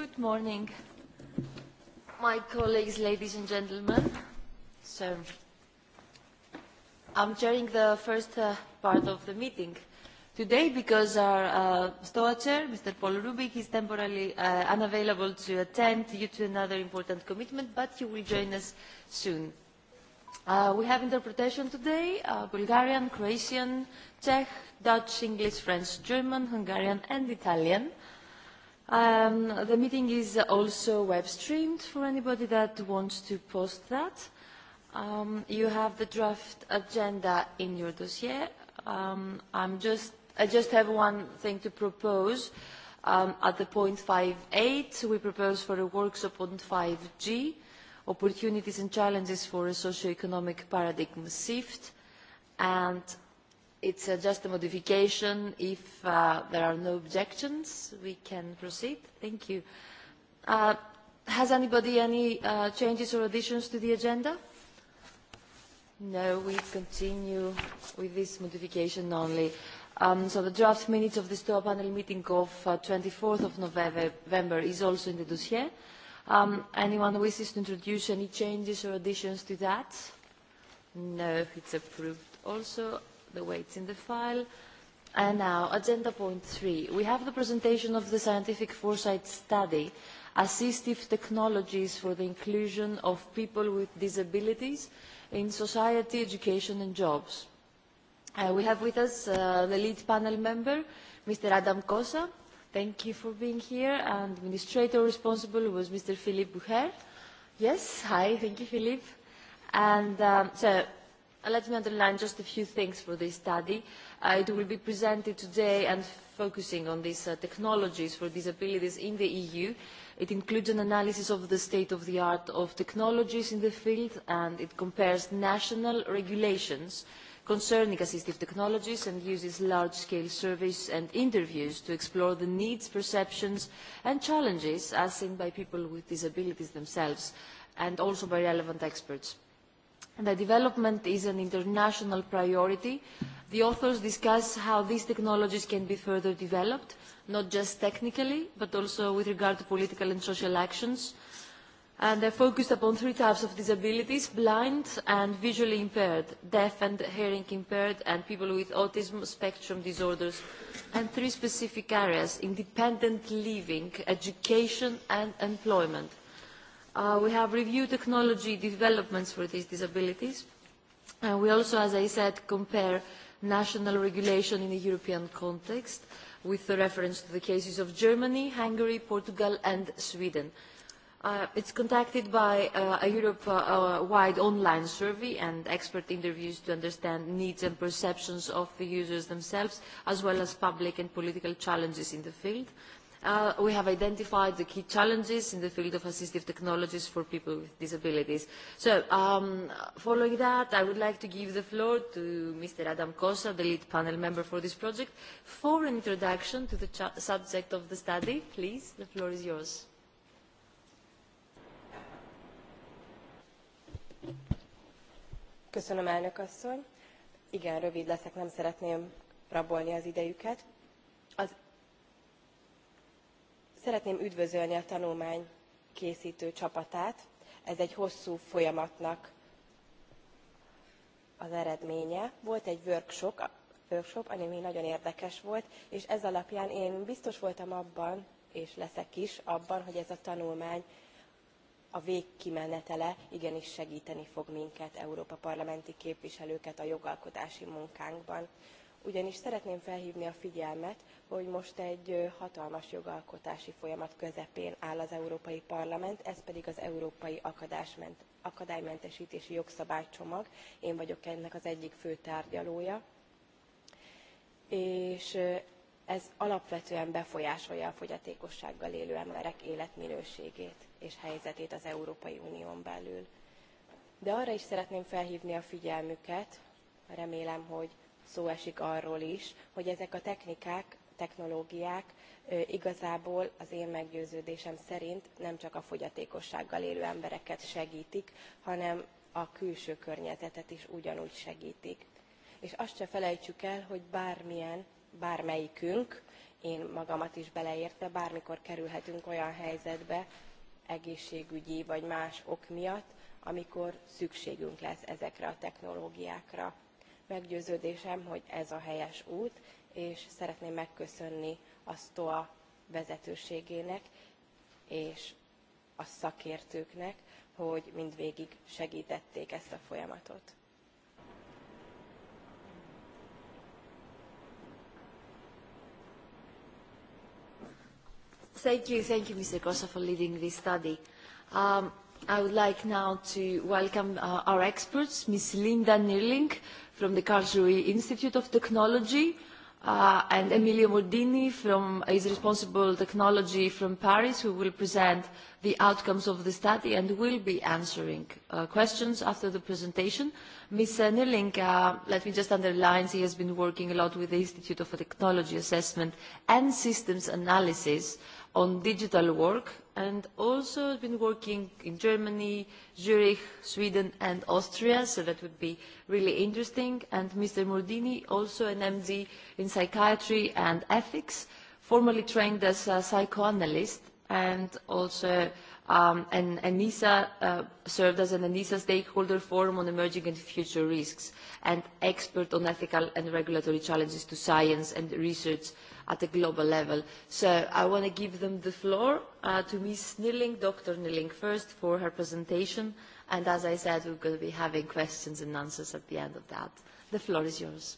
Good morning, my colleagues, ladies and gentlemen. So, I'm chairing the first part of the meeting today because our STOA chair, Mr. Paul Rubik, is temporarily unavailable to attend due to another important commitment, but he will join us soon. We have interpretation today, Bulgarian, Croatian, Czech, Dutch, English, French, German, Hungarian, and Italian. The meeting is also web streamed for anybody that wants to post that. You have the draft agenda in your dossier. I just have one thing to propose. At the point 5.8, we propose for a workshop on 5G, opportunities and challenges for a socio-economic paradigm shift, and It's just a modification. If there are no objections, we can proceed. Thank you. Has anybody any changes or additions to the agenda? No, we continue with this modification only. So the draft minutes of the STOA panel meeting of 24th of November is also in the dossier. Anyone wishes to introduce any changes or additions to that? No, it's approved also the it's in the file. And now, agenda point three. We have the presentation of the Scientific Foresight Study, Assistive Technologies for the Inclusion of People with Disabilities in Society, Education and Jobs. We have with us the lead panel member, Mr. Adam Kosa. Thank you for being here. And administrator responsible was Mr. Philippe Boucher. Yes, hi. Thank you, Philippe. And so Let me underline just a few things for this study. It will be presented today and focusing on these technologies for disabilities in the EU. It includes an analysis of the state of the art of technologies in the field and it compares national regulations concerning assistive technologies and uses large-scale surveys and interviews to explore the needs, perceptions and challenges as seen by people with disabilities themselves and also by relevant experts. The development is an international priority. The authors discuss how these technologies can be further developed, not just technically, but also with regard to political and social actions. And they're focused upon three types of disabilities, blind and visually impaired, deaf and hearing impaired, and people with autism spectrum disorders, and three specific areas, independent living, education, and employment. We have reviewed technology developments for these disabilities. We also, as I said, compare national regulation in the European context with reference to the cases of Germany, Hungary, Portugal and Sweden. It's conducted by a Europe-wide online survey and expert interviews to understand needs and perceptions of the users themselves, as well as public and political challenges in the field. We have identified the key challenges in the field of assistive technologies for people with disabilities. So, following that, I would like to give the floor to Mr. Adam Kosa, the lead panel member for this project, for an introduction to the subject of the study. Please, the floor is yours. Köszönöm, elnök asszony. Igen, rövid leszek, nem szeretném rabolni az idejüket. Az szeretném üdvözölni a tanulmány készítő csapatát. Ez egy hosszú folyamatnak az eredménye. Volt egy workshop, workshop, ami nagyon érdekes volt, és ez alapján én biztos voltam abban, és leszek is abban, hogy ez a tanulmány a végkimenetele igenis segíteni fog minket, Európa parlamenti képviselőket a jogalkotási munkánkban ugyanis szeretném felhívni a figyelmet, hogy most egy hatalmas jogalkotási folyamat közepén áll az Európai Parlament, ez pedig az Európai Akadálymentesítési Jogszabálycsomag. Én vagyok ennek az egyik fő tárgyalója. És ez alapvetően befolyásolja a fogyatékossággal élő emberek életminőségét és helyzetét az Európai Unión belül. De arra is szeretném felhívni a figyelmüket, remélem, hogy szó esik arról is, hogy ezek a technikák, technológiák igazából az én meggyőződésem szerint nem csak a fogyatékossággal élő embereket segítik, hanem a külső környezetet is ugyanúgy segítik. És azt se felejtsük el, hogy bármilyen, bármelyikünk, én magamat is beleértve, bármikor kerülhetünk olyan helyzetbe, egészségügyi vagy más ok miatt, amikor szükségünk lesz ezekre a technológiákra. Meggyőződésem, hogy ez a helyes út, és szeretném megköszönni a STOA vezetőségének és a szakértőknek, hogy mindvégig segítették ezt a folyamatot. Thank you, thank you, Mr. for leading this study. I would like now to welcome our experts, Ms. Linda Nirling from the Karlsruhe Institute of Technology and Emilio Mordini from is responsible technology from Paris, who will present the outcomes of the study and will be answering questions after the presentation. Ms. Nirling, let me just underline, she has been working a lot with the Institute of Technology Assessment and Systems Analysis on digital work and also been working in Germany, Zurich, Sweden and Austria, so that would be really interesting. And Mr. Mordini, also an MD in psychiatry and ethics, formerly trained as a psychoanalyst and also an ENISA served as an ENISA stakeholder forum on emerging and future risks and expert on ethical and regulatory challenges to science and research at a global level. So I want to give them the floor to Ms. Nilling, Dr. Nilling first for her presentation. And as I said, we're going to be having questions and answers at the end of that. The floor is yours.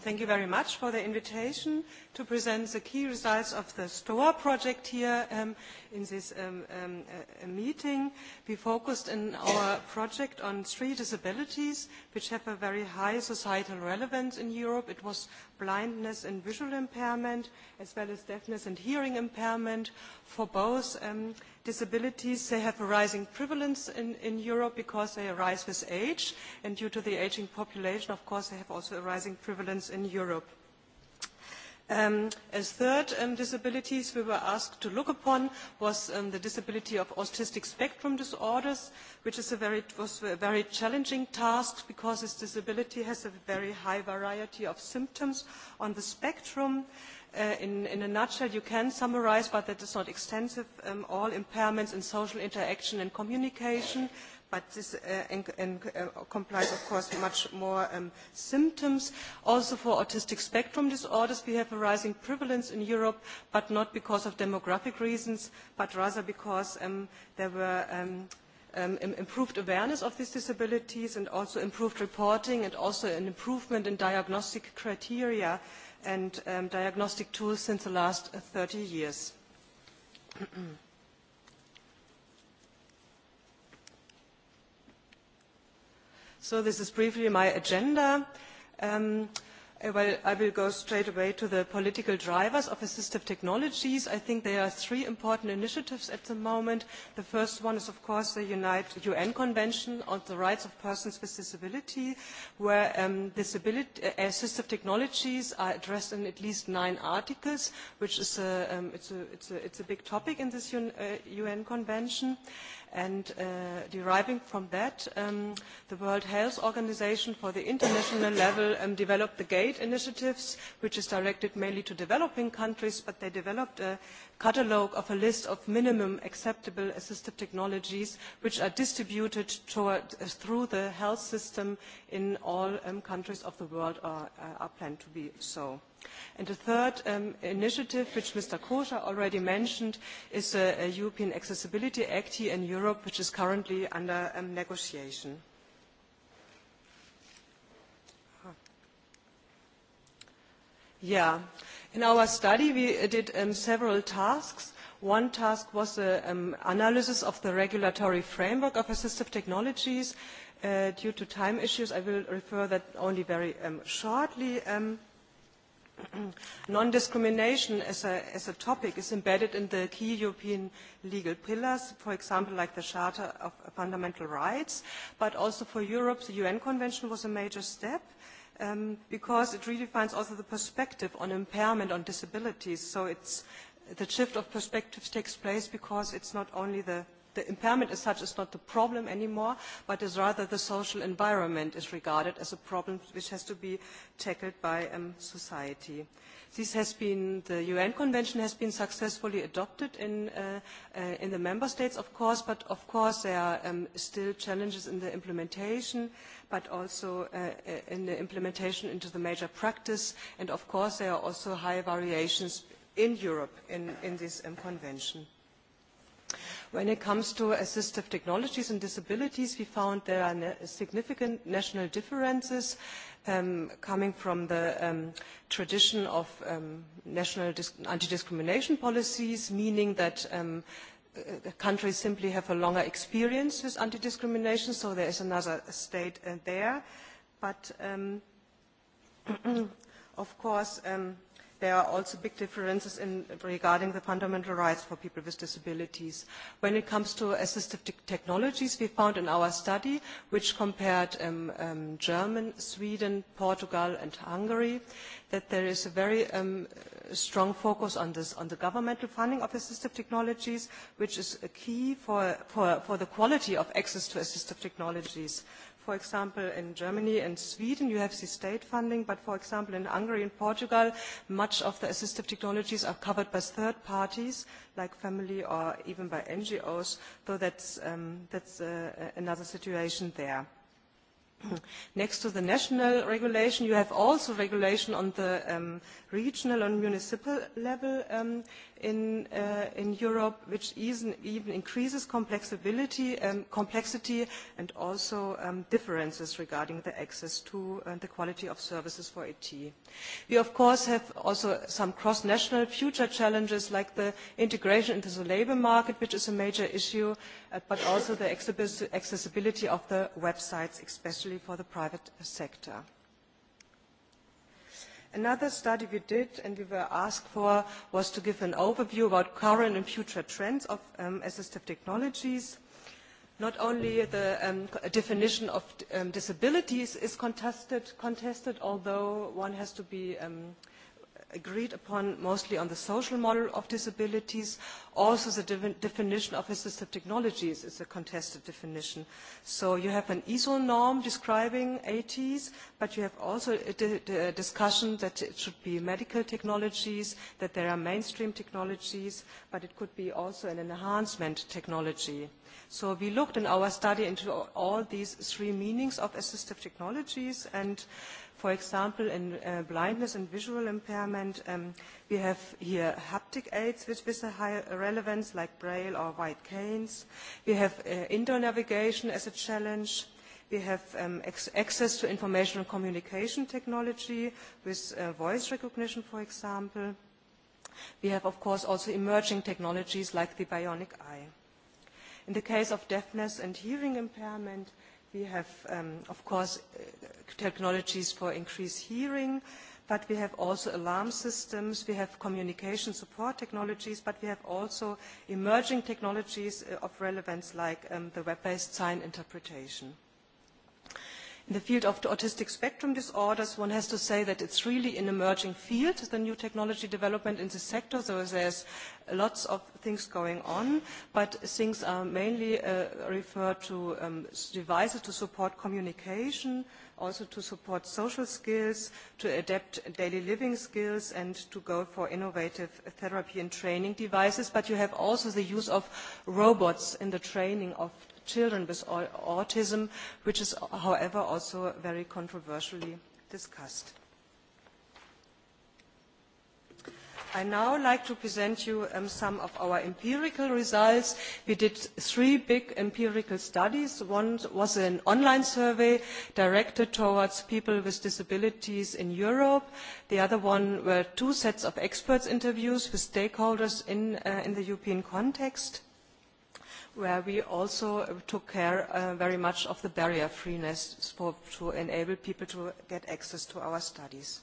Thank you very much for the invitation to present the key results of the STOA project here in this meeting. We focused in our project on three disabilities which have a very high societal relevance in Europe. It was blindness and visual impairment, as well as deafness and hearing impairment. For both disabilities, they have a rising prevalence in Europe because they arise with age, and due to the aging population, of course, they have also a rising prevalence in Europe. As third disabilities we were asked to look upon was the disability of autistic spectrum disorders, which was a very challenging task because this disability has a very high variety of symptoms on the spectrum. In a nutshell, you can summarize, but that is not extensive, all impairments in social interaction and communication but this complies, of course, much more symptoms. Also for autistic spectrum disorders, we have a rising prevalence in Europe, but not because of demographic reasons, but rather because there were improved awareness of these disabilities and also improved reporting and also an improvement in diagnostic criteria and diagnostic tools since the last 30 years. So this is briefly my agenda. Well, I will go straight away to the political drivers of assistive technologies. I think there are three important initiatives at the moment. The first one is, of course, the UN Convention on the Rights of Persons with Disability, where assistive technologies are addressed in at least nine articles, which is a big topic in this UN Convention. And deriving from that, the World Health Organization for the international level developed the GATE initiatives, which is directed mainly to developing countries, but they developed a catalogue of a list of minimum acceptable assistive technologies, which are distributed through the health system in all countries of the world, or are planned to be so. And the third initiative, which Mr. Kosha already mentioned, is the European Accessibility Act here in Europe, which is currently under negotiation. Yeah. In our study, we did several tasks. One task was the analysis of the regulatory framework of assistive technologies. Due to time issues, I will refer that only very shortly. Non-discrimination as a topic is embedded in the key European legal pillars, for example, like the Charter of Fundamental Rights, but also for Europe, the UN Convention was a major step because it redefines also the perspective on impairment, on disabilities. So it's the shift of perspectives takes place because it's not only the the impairment as such is not the problem anymore, but is rather the social environment is regarded as a problem which has to be tackled by society. This has been, the UN Convention has been successfully adopted in the member states, of course, but of course there are still challenges in the implementation, but also in the implementation into the major practice, and of course there are also high variations in Europe in this convention. When it comes to assistive technologies and disabilities, we found there are significant national differences coming from the tradition of national anti-discrimination policies, meaning that countries simply have a longer experience with anti-discrimination, so there is another state there. But, of course, there are also big differences regarding the fundamental rights for people with disabilities. When it comes to assistive technologies, we found in our study, which compared Germany, Sweden, Portugal and Hungary, that there is a very strong focus on the governmental funding of assistive technologies, which is a key for the quality of access to assistive technologies. For example, in Germany and Sweden, you have the state funding, but for example, in Hungary and Portugal, much of the assistive technologies are covered by third parties, like family or even by NGOs, so that's another situation there. Next to the national regulation, you have also regulation on the regional and municipal level in Europe, which even increases complexity and also differences regarding the access to the quality of services for IT. We, of course, have also some cross-national future challenges like the integration into the labor market, which is a major issue, but also the accessibility of the websites, especially for the private sector. Another study we did and we were asked for was to give an overview about current and future trends of assistive technologies. Not only the definition of disabilities is contested, although one has to be agreed upon mostly on the social model of disabilities. Also the definition of assistive technologies is a contested definition. So you have an ISO norm describing ATs, but you have also a discussion that it should be medical technologies, that there are mainstream technologies, but it could be also an enhancement technology. So we looked in our study into all these three meanings of assistive technologies and For example, in blindness and visual impairment, we have here haptic aids with a high relevance, like braille or white canes. We have indoor navigation as a challenge. We have access to information and communication technology with voice recognition, for example. We have, of course, also emerging technologies like the bionic eye. In the case of deafness and hearing impairment, We have, of course, technologies for increased hearing, but we have also alarm systems, we have communication support technologies, but we have also emerging technologies of relevance like the web-based sign interpretation. In the field of autistic spectrum disorders, one has to say that it's really an emerging field, the new technology development in the sector, so there's lots of things going on, but things are mainly referred to devices to support communication, also to support social skills, to adapt daily living skills, and to go for innovative therapy and training devices. But you have also the use of robots in the training of children with autism, which is, however, also very controversially discussed. I now like to present you some of our empirical results. We did three big empirical studies. One was an online survey directed towards people with disabilities in Europe. The other one were two sets of experts interviews with stakeholders in the European context where we also took care very much of the barrier freeness to enable people to get access to our studies.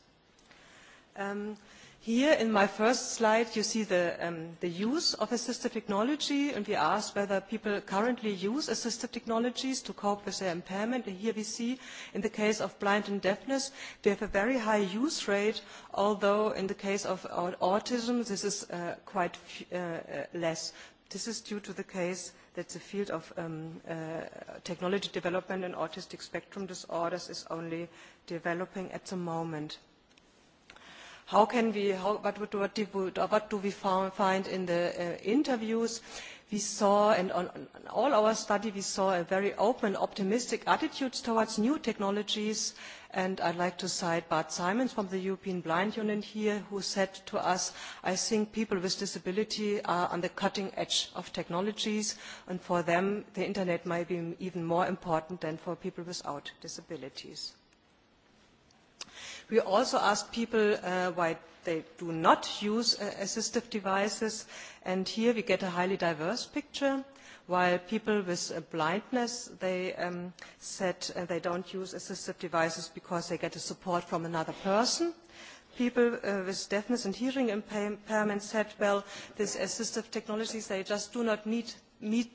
Here in my first slide you see the use of assistive technology and we asked whether people currently use assistive technologies to cope with their impairment here we see in the case of blind and deafness we have a very high use rate although in the case of autism this is quite less. This is due to the case that the field of technology development in autistic spectrum disorders is only developing at the moment. How can we, what do we find in the interviews? We saw, and on all our study, we saw a very open, optimistic attitudes towards new technologies and I'd like to cite Bart Simons from the European Blind Union here, who said to us, I think people with disability are on the cutting edge of technologies, and for them the Internet might be even more important than for people without disabilities. We also asked people why they do not use assistive devices, and here we get a highly diverse picture while people with blindness, they said they don't use assistive devices because they get support from another person. People with deafness and hearing impairment said, well, these assistive technologies, they just do not meet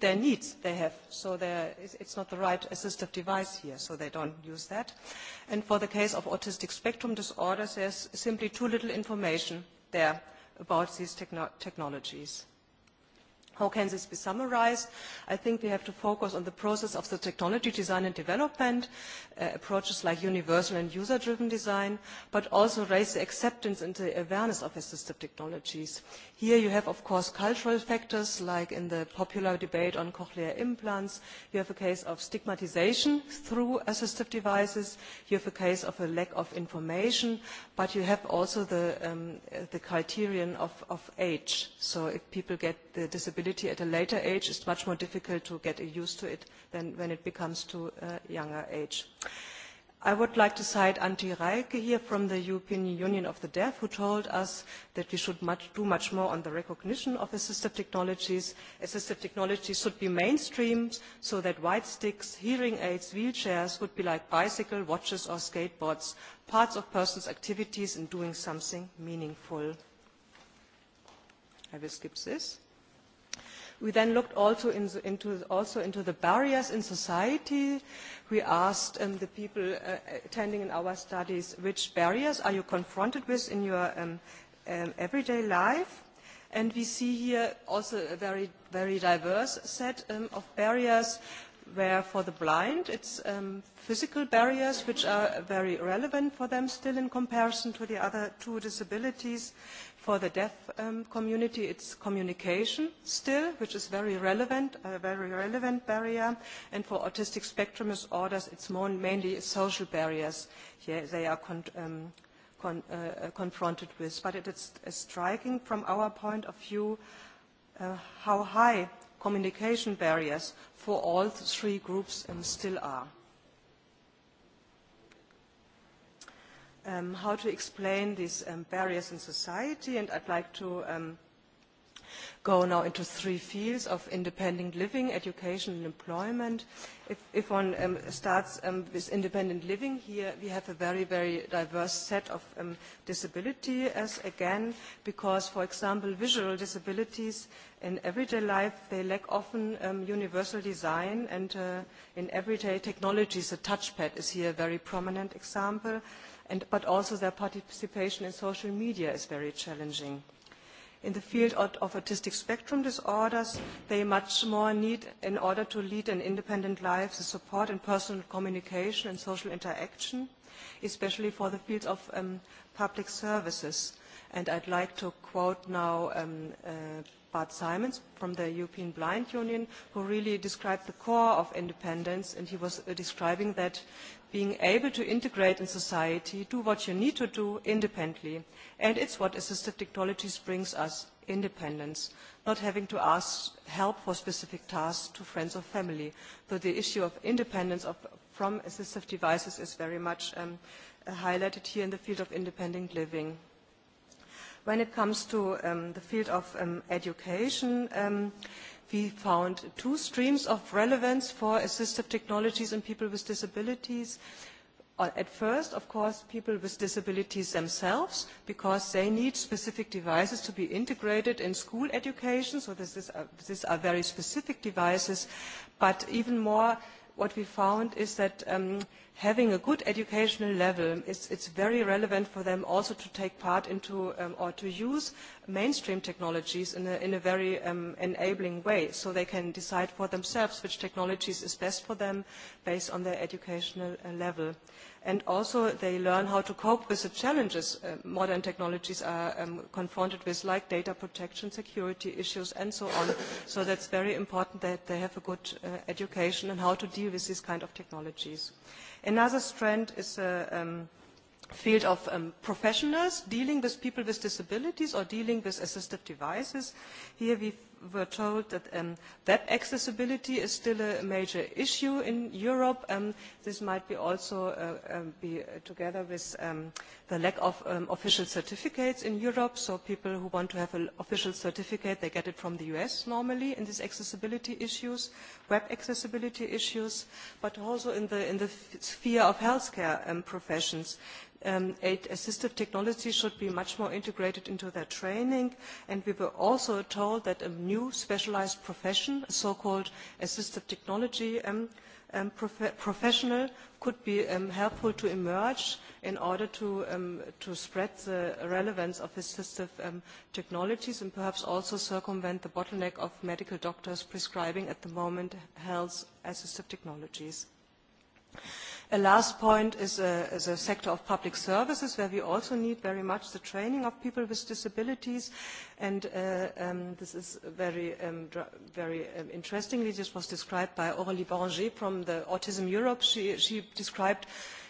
their needs they have. So it's not the right assistive device here, so they don't use that. And for the case of autistic spectrum disorders, there's simply too little information there about these technologies. How can this be summarized? I think we have to focus on the process of the technology design and development, approaches like universal and user-driven design, but also raise the acceptance and the awareness of assistive technologies. Here you have, of course, cultural factors, like in the popular debate on cochlear implants. You have a case of stigmatization through assistive devices. You have a case of a lack of information, but you have also the criterion of age. So if people get the disability, at a later age, is much more difficult to get used to it than when it becomes to a younger age. I would like to cite Antti Raike here from the European Union of the Deaf, who told us that we should do much more on the recognition of assistive technologies. Assistive technologies should be mainstreamed so that white sticks, hearing aids, wheelchairs would be like bicycle, watches or skateboards, parts of persons' activities in doing something meaningful. I will skip this. We then looked also into the barriers in society. We asked the people attending in our studies which barriers are you confronted with in your everyday life. And we see here also a very, very diverse set of barriers where for the blind it's physical barriers which are very relevant for them still in comparison to the other two disabilities For the deaf community, it's communication still, which is very relevant, a very relevant barrier. And for autistic spectrum disorders, it's mainly social barriers they are confronted with. But it is striking from our point of view how high communication barriers for all three groups still are. how to explain these barriers in society, and I'd like to go now into three fields of independent living, education and employment. If one starts with independent living, here we have a very, very diverse set of disabilities, again, because, for example, visual disabilities in everyday life, they lack often universal design, and in everyday technologies, a touchpad is here a very prominent example but also their participation in social media is very challenging. In the field of autistic spectrum disorders, they much more need, in order to lead an independent life, the support in personal communication and social interaction, especially for the fields of public services. And I'd like to quote now Bart Simons from the European Blind Union, who really described the core of independence, and he was describing that being able to integrate in society, do what you need to do independently. And it's what assistive technologies brings us, independence, not having to ask help for specific tasks to friends or family. So the issue of independence from assistive devices is very much highlighted here in the field of independent living. When it comes to the field of education, we found two streams of relevance for assistive technologies in people with disabilities. At first, of course, people with disabilities themselves, because they need specific devices to be integrated in school education, so these are very specific devices, but even more what we found is that having a good educational level, it's very relevant for them also to take part into or to use mainstream technologies in a very enabling way, so they can decide for themselves which technologies is best for them based on their educational level and also they learn how to cope with the challenges modern technologies are confronted with, like data protection, security issues, and so on. So that's very important that they have a good education on how to deal with these kind of technologies. Another strand is the field of professionals dealing with people with disabilities or dealing with assistive devices. Here we were told that web accessibility is still a major issue in Europe. This might also be together with the lack of official certificates in Europe. So people who want to have an official certificate, they get it from the US normally in these accessibility issues, web accessibility issues, but also in the sphere of healthcare professions aid assistive technology should be much more integrated into their training and we were also told that new specialized profession, a so-called assistive technology professional could be helpful to emerge in order to spread the relevance of assistive technologies and perhaps also circumvent the bottleneck of medical doctors prescribing at the moment health assistive technologies. A last point is the sector of public services, where we also need very much the training of people with disabilities. And this is very, very interestingly, this was described by Aurélie Boranger from the Autism Europe. She described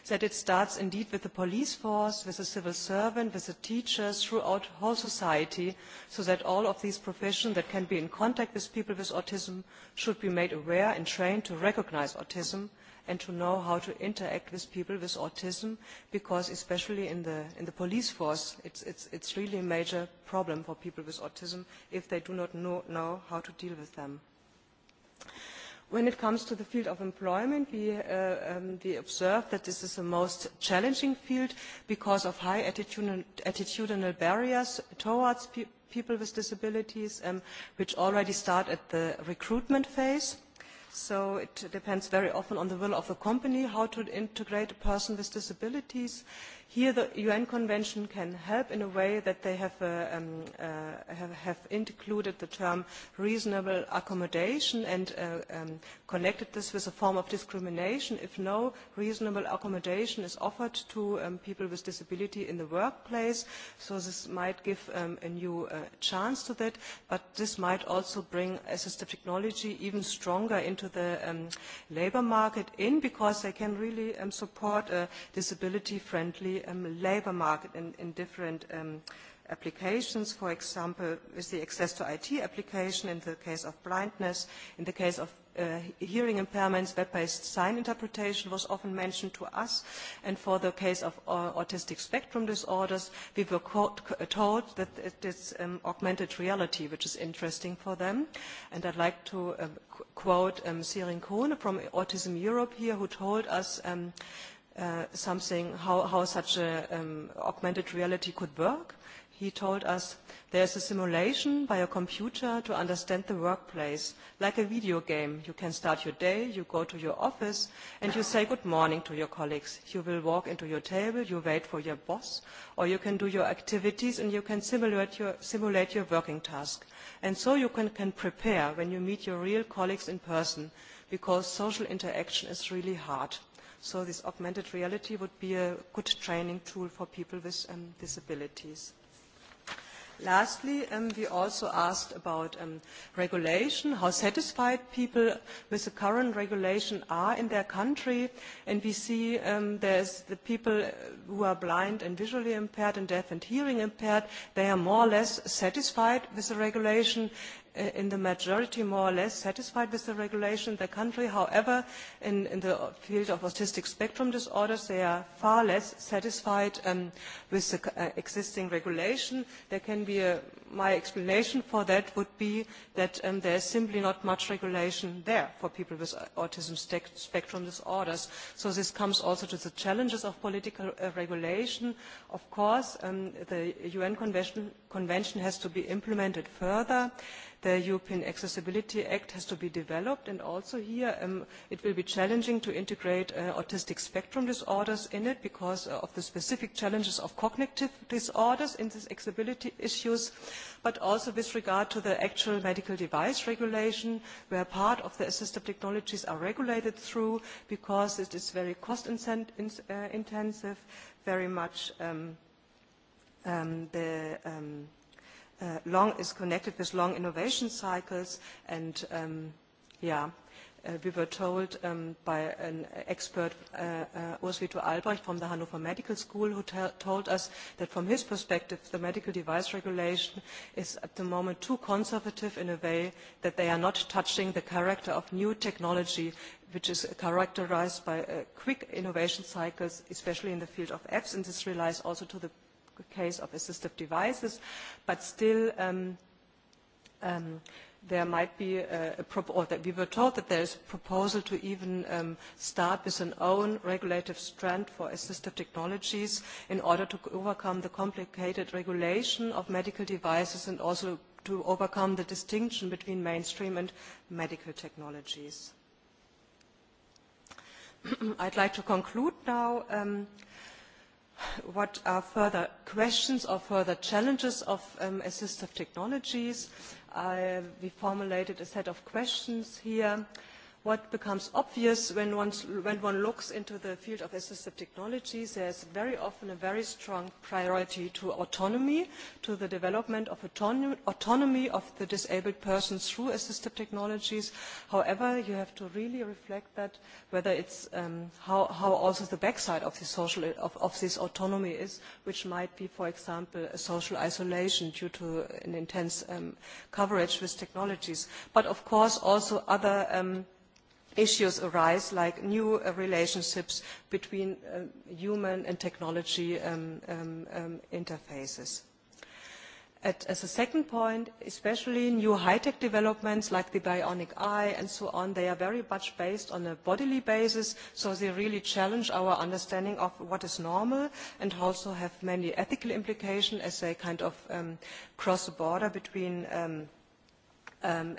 that it starts indeed with the police force, with the civil servant, with the teachers, throughout whole society, so that all of these professions that can be in contact with people with autism should be made aware and trained to recognize autism and to know how to interact with people with autism because especially in the in the police force it's it's it's really a major problem for people with autism if they do not know how to deal with them when it comes to the field of employment we observe that this is the most challenging field because of high attitudinal barriers towards people with disabilities which already start at the recruitment phase So it depends very often on the will of the company how to integrate a person with disabilities Here the UN Convention can help in a way that they have included the term reasonable accommodation and connected this with a form of discrimination if no reasonable accommodation is offered to people with disability in the workplace. So this might give a new chance to that, but this might also bring assistive technology even stronger into the labor market in because they can really support a disability-friendly the labour market in different applications, for example, with the access to IT application in the case of blindness, in the case of hearing impairments, web-based sign interpretation was often mentioned to us, and for the case of autistic spectrum disorders, we were told that it is augmented reality, which is interesting for them. And I'd like to quote Sirin Kohne from Autism Europe here, who told us something how such an augmented reality could work. He told us there is a simulation by a computer to understand the workplace, like a video game. You can start your day, you go to your office, and you say good morning to your colleagues. You will walk into your table, you wait for your boss, or you can do your activities and you can simulate your working task. And so you can prepare when you meet your real colleagues in person, because social interaction is really hard. So this augmented reality would be a good training tool for people with disabilities. Lastly, we also asked about regulation, how satisfied people with the current regulation are in their country. And we see there's the people who are blind and visually impaired and deaf and hearing impaired, they are more or less satisfied with the regulation in the majority more or less satisfied with the regulation in the country. However, in the field of autistic spectrum disorders, they are far less satisfied with the existing regulation. There can be my explanation for that would be that there is simply not much regulation there for people with autism spectrum disorders. So this comes also to the challenges of political regulation. Of course, the UN Convention has to be implemented further the European Accessibility Act has to be developed, and also here it will be challenging to integrate autistic spectrum disorders in it because of the specific challenges of cognitive disorders in these accessibility issues, but also with regard to the actual medical device regulation, where part of the assistive technologies are regulated through because it is very cost intensive, very much the long is connected with long innovation cycles and yeah we were told by an expert Ursvito Albrecht from the Hannover Medical School who told us that from his perspective the medical device regulation is at the moment too conservative in a way that they are not touching the character of new technology which is characterized by quick innovation cycles especially in the field of apps and this relies also to the case of assistive devices, but still there might be a proposal that we were told that there is a proposal to even start with an own regulative strand for assistive technologies in order to overcome the complicated regulation of medical devices and also to overcome the distinction between mainstream and medical technologies. I'd like to conclude now what are further questions or further challenges of assistive technologies. We formulated a set of questions here What becomes obvious when one looks into the field of assistive technologies, there is very often a very strong priority to autonomy, to the development of autonomy of the disabled person through assistive technologies. However, you have to really reflect that whether it's how also the backside of this autonomy is, which might be, for example, a social isolation due to an intense coverage with technologies. But, of course, also other issues arise like new relationships between human and technology interfaces. As a second point, especially new high-tech developments like the bionic eye and so on, they are very much based on a bodily basis, so they really challenge our understanding of what is normal and also have many ethical implications as they kind of cross the border between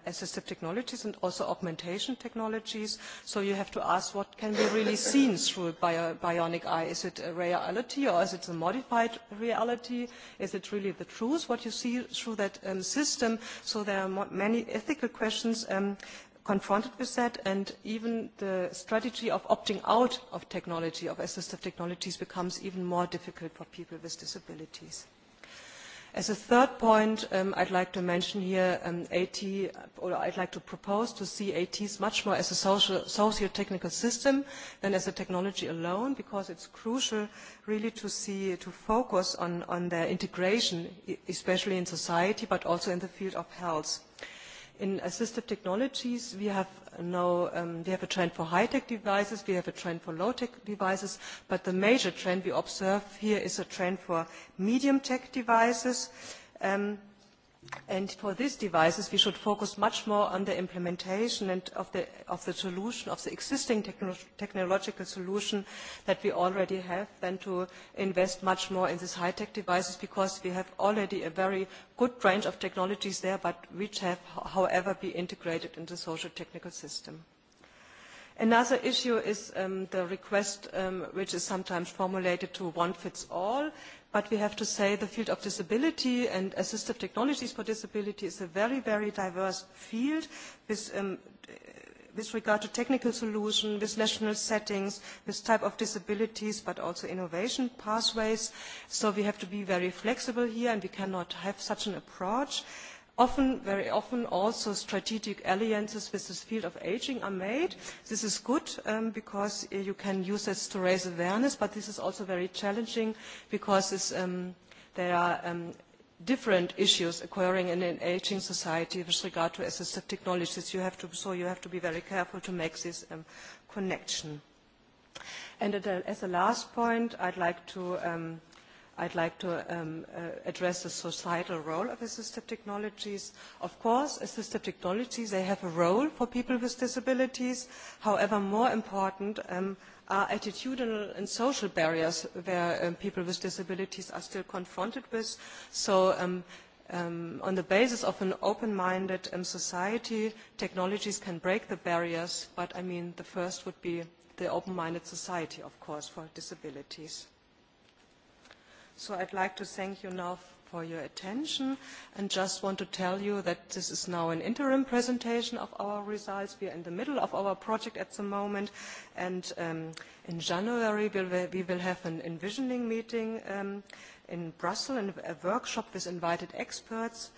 assistive technologies and also augmentation technologies. So you have to ask what can be really seen through a bionic eye. Is it a reality or is it a modified reality? Is it really the truth, what you see through that system? So there are many ethical questions confronted with that and even the strategy of opting out of technology, of assistive technologies becomes even more difficult for people with disabilities. As a third point, I'd like to mention here AT, or I'd like to propose to see ATs much more as a socio-technical system than as a technology alone, because it is crucial really to see, to focus on their integration, especially in society, but also in the field of health. In assistive technologies, we have have a trend for high-tech devices, we have a trend for low-tech devices, but the major trend we observe here is a trend for medium-tech devices. And for these devices, we should focus much more on the implementation and of the of the solution of the existing technological solution that we already have, than to invest much more in these high-tech devices, because we have already a very good range of technologies there, but which have, however, be integrated into the social technical system. Another issue is the request, which is sometimes formulated to one fits all, But we have to say the field of disability and assistive technologies for disability is a very, very diverse field with regard to technical solutions, with national settings, with type of disabilities, but also innovation pathways. So we have to be very flexible here, and we cannot have such an approach. Often, very often, also strategic alliances with this field of aging are made. This is good because you can use this to raise awareness, but this is also very challenging because there are different issues occurring in an aging society with regard to assistive technologies. You have to, so you have to be very careful to make this connection. And as a last point, I'd like to I'd like to address the societal role of assistive technologies. Of course, assistive technologies, they have a role for people with disabilities. However, more important are attitudinal and social barriers where people with disabilities are still confronted with. So on the basis of an open-minded society, technologies can break the barriers, but I mean the first would be the open-minded society, of course, for disabilities. So I'd like to thank you now for your attention and just want to tell you that this is now an interim presentation of our results. We are in the middle of our project at the moment and in January we will have an envisioning meeting in Brussels and a workshop with invited experts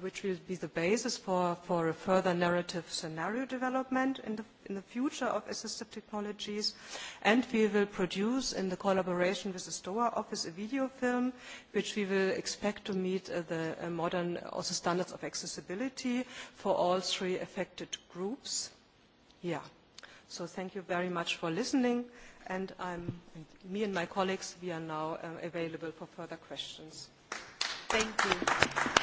which will be the basis for a further narrative scenario development in the in the future of assistive technologies. And we will produce, in the collaboration with the STOA office, a video film, which we will expect to meet the modern also standards of accessibility for all three affected groups. Yeah. So thank you very much for listening. And me and my colleagues, we are now available for further questions. Thank you.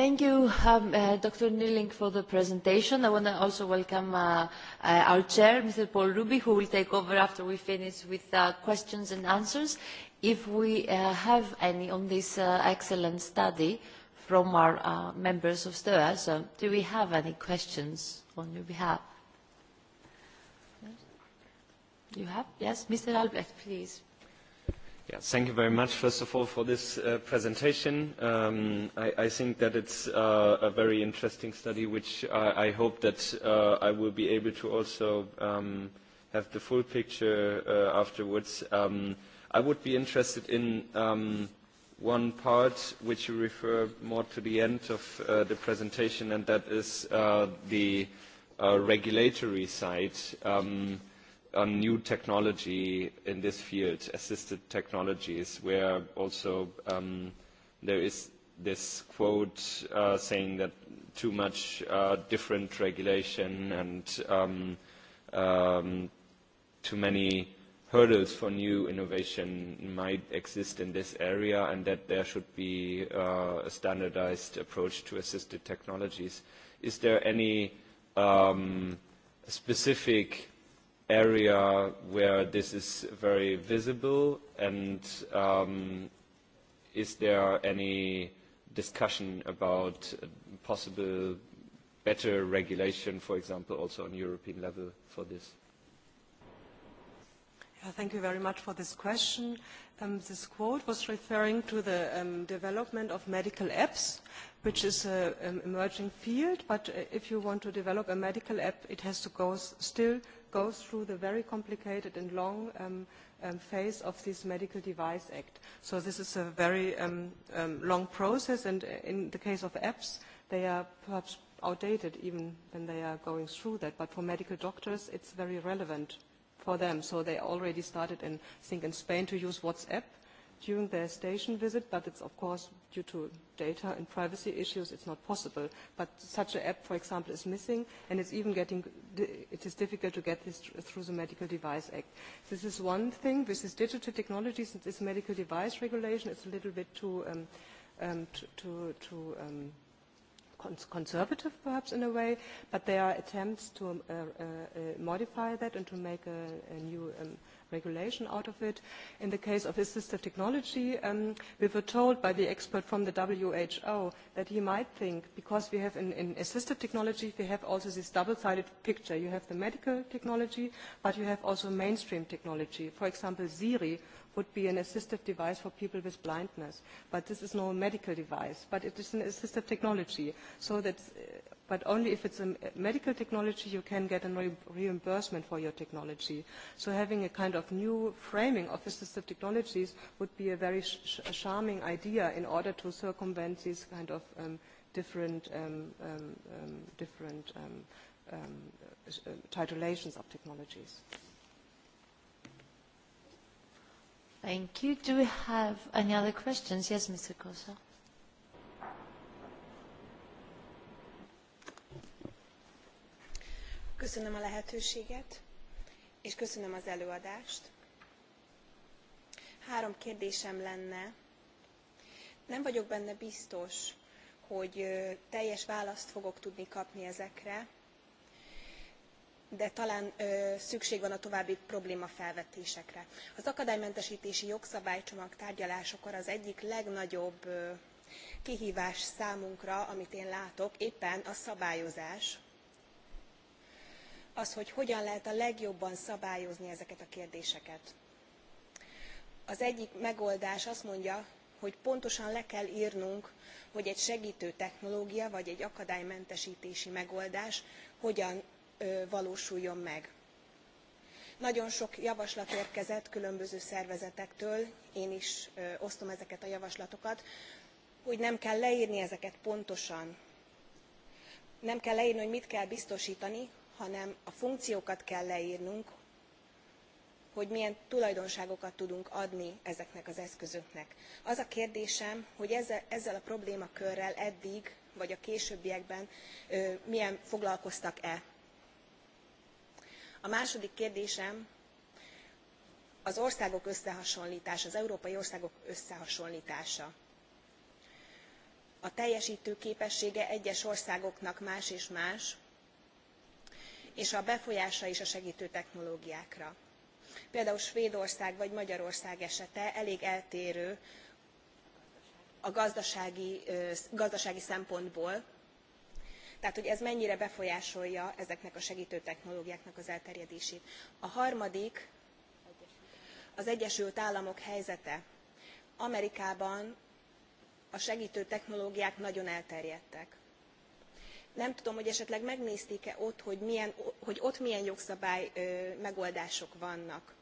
Thank you, Dr. Neeling, for the presentation. I want to also welcome our chair, Mr. Paul Ruby, who will take over after we finish with questions and answers. If we have any on this excellent study from our members of STOA, do we have any questions on your behalf? You have? Yes, Mr. Albrecht, please. Thank you very much, first of all, for this presentation. I I think that it's a very interesting study, which I hope that I will be able to also have the full picture afterwards. I would be interested in one part which you refer more to the end of the presentation, and that is the regulatory side on new technology in this field, assisted technologies, where also there is this quote saying that too much different regulation and too many hurdles for new innovation might exist in this area and that there should be a standardized approach to assisted technologies. Is there any specific area where this is very visible and is there any discussion about possible better regulation, for example, also on European level for this? Thank you very much for this question. This quote was referring to the development of medical apps, which is an emerging field, but if you want to develop a medical app, it has to go still goes through the very complicated and long phase of this Medical Device Act. So this is a very long process, and in the case of apps, they are perhaps outdated even when they are going through that. But for medical doctors, it's very relevant for them. So they already started, I think, in Spain to use WhatsApp during their station visit, but it's of course due to data and privacy issues, it's not possible. But such an app, for example, is missing, and it's even getting, it is difficult to get this through the Medical Device Act. This is one thing. This is digital technology, and this medical device regulation. It's a little bit too, um, too, conservative perhaps in a way, but there are attempts to modify that and to make a, new regulation out of it. In the case of assistive technology, we were told by the expert from the WHO that he might think, because we have in assistive technology, we have also this double-sided picture. You have the medical technology, but you have also mainstream technology. For example, Siri would be an assistive device for people with blindness. But this is no medical device, but it is an assistive technology. So that but only if it's a medical technology you can get a reimbursement for your technology. So having a kind of new framing of assistive technologies would be a very charming idea in order to circumvent these kind of different different titulations of technologies. Thank you. Do we have any other questions? Yes, Mr. Kosa. Köszönöm a lehetőséget, és köszönöm az előadást. Három kérdésem lenne. Nem vagyok benne biztos, hogy teljes választ fogok tudni kapni ezekre, de talán szükség van a további problémafelvetésekre. Az akadálymentesítési jogszabálycsomag tárgyalásokor az egyik legnagyobb kihívás számunkra, amit én látok, éppen a szabályozás, az, hogy hogyan lehet a legjobban szabályozni ezeket a kérdéseket. Az egyik megoldás azt mondja, hogy pontosan le kell írnunk, hogy egy segítő technológia vagy egy akadálymentesítési megoldás hogyan valósuljon meg. Nagyon sok javaslat érkezett különböző szervezetektől, én is osztom ezeket a javaslatokat, hogy nem kell leírni ezeket pontosan. Nem kell leírni, hogy mit kell biztosítani, hanem a funkciókat kell leírnunk, hogy milyen tulajdonságokat tudunk adni ezeknek az eszközöknek. Az a kérdésem, hogy ezzel a problémakörrel eddig, vagy a későbbiekben milyen foglalkoztak-e. A második kérdésem az országok összehasonlítása, az európai országok összehasonlítása. A teljesítő képessége egyes országoknak más és más, és a befolyása is a segítő technológiákra. Például Svédország vagy Magyarország esete elég eltérő a gazdasági, gazdasági szempontból, tehát hogy ez mennyire befolyásolja ezeknek a segítő technológiáknak az elterjedését. A harmadik az Egyesült Államok helyzete. Amerikában a segítő technológiák nagyon elterjedtek nem tudom, hogy esetleg megnézték-e ott, hogy, milyen, hogy ott milyen jogszabály megoldások vannak.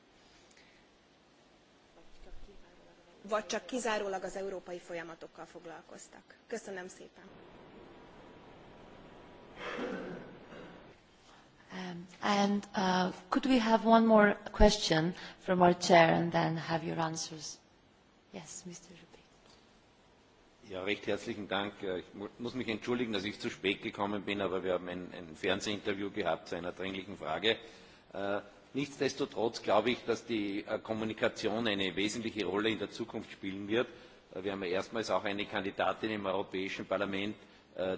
Vagy csak kizárólag az európai folyamatokkal foglalkoztak. Köszönöm szépen. And could we have one more question from our chair and then have your answers? Yes, Mr. Ja, recht herzlichen Dank. Ich muss mich entschuldigen, dass ich zu spät gekommen bin, aber wir haben ein, ein Fernsehinterview gehabt zu einer dringlichen Frage. Nichtsdestotrotz glaube ich, dass die Kommunikation eine wesentliche Rolle in der Zukunft spielen wird. Wir haben ja erstmals auch eine Kandidatin im Europäischen Parlament,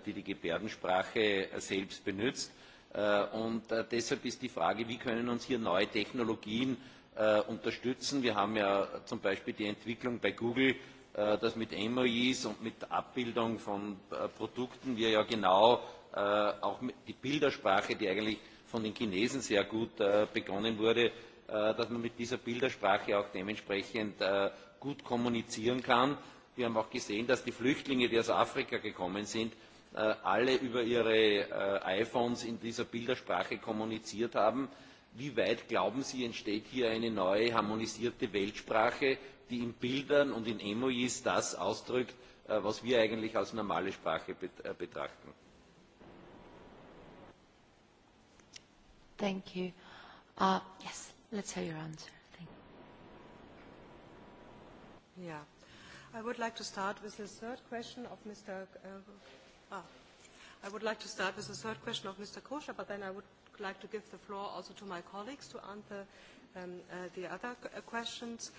die die Gebärdensprache selbst benutzt. Und deshalb ist die Frage, wie können uns hier neue Technologien unterstützen. Wir haben ja zum Beispiel die Entwicklung bei Google dass mit Emojis und mit Abbildung von Produkten wir ja genau auch die Bildersprache, die eigentlich von den Chinesen sehr gut begonnen wurde, dass man mit dieser Bildersprache auch dementsprechend gut kommunizieren kann. Wir haben auch gesehen, dass die Flüchtlinge, die aus Afrika gekommen sind, alle über ihre iPhones in dieser Bildersprache kommuniziert haben. Wie weit, glauben Sie, entsteht hier eine neue harmonisierte Weltsprache, die in Bildern und in Emojis das ausdrückt, was wir eigentlich als normale Sprache betrachten. Thank you. Uh, yes, let's hear your answer. Thank you. Yeah. I would like to start with the third question of Mr. ah, I would like to start with the third question of Mr. Kosha, but then I would like to give the floor also to my colleagues to answer the other questions.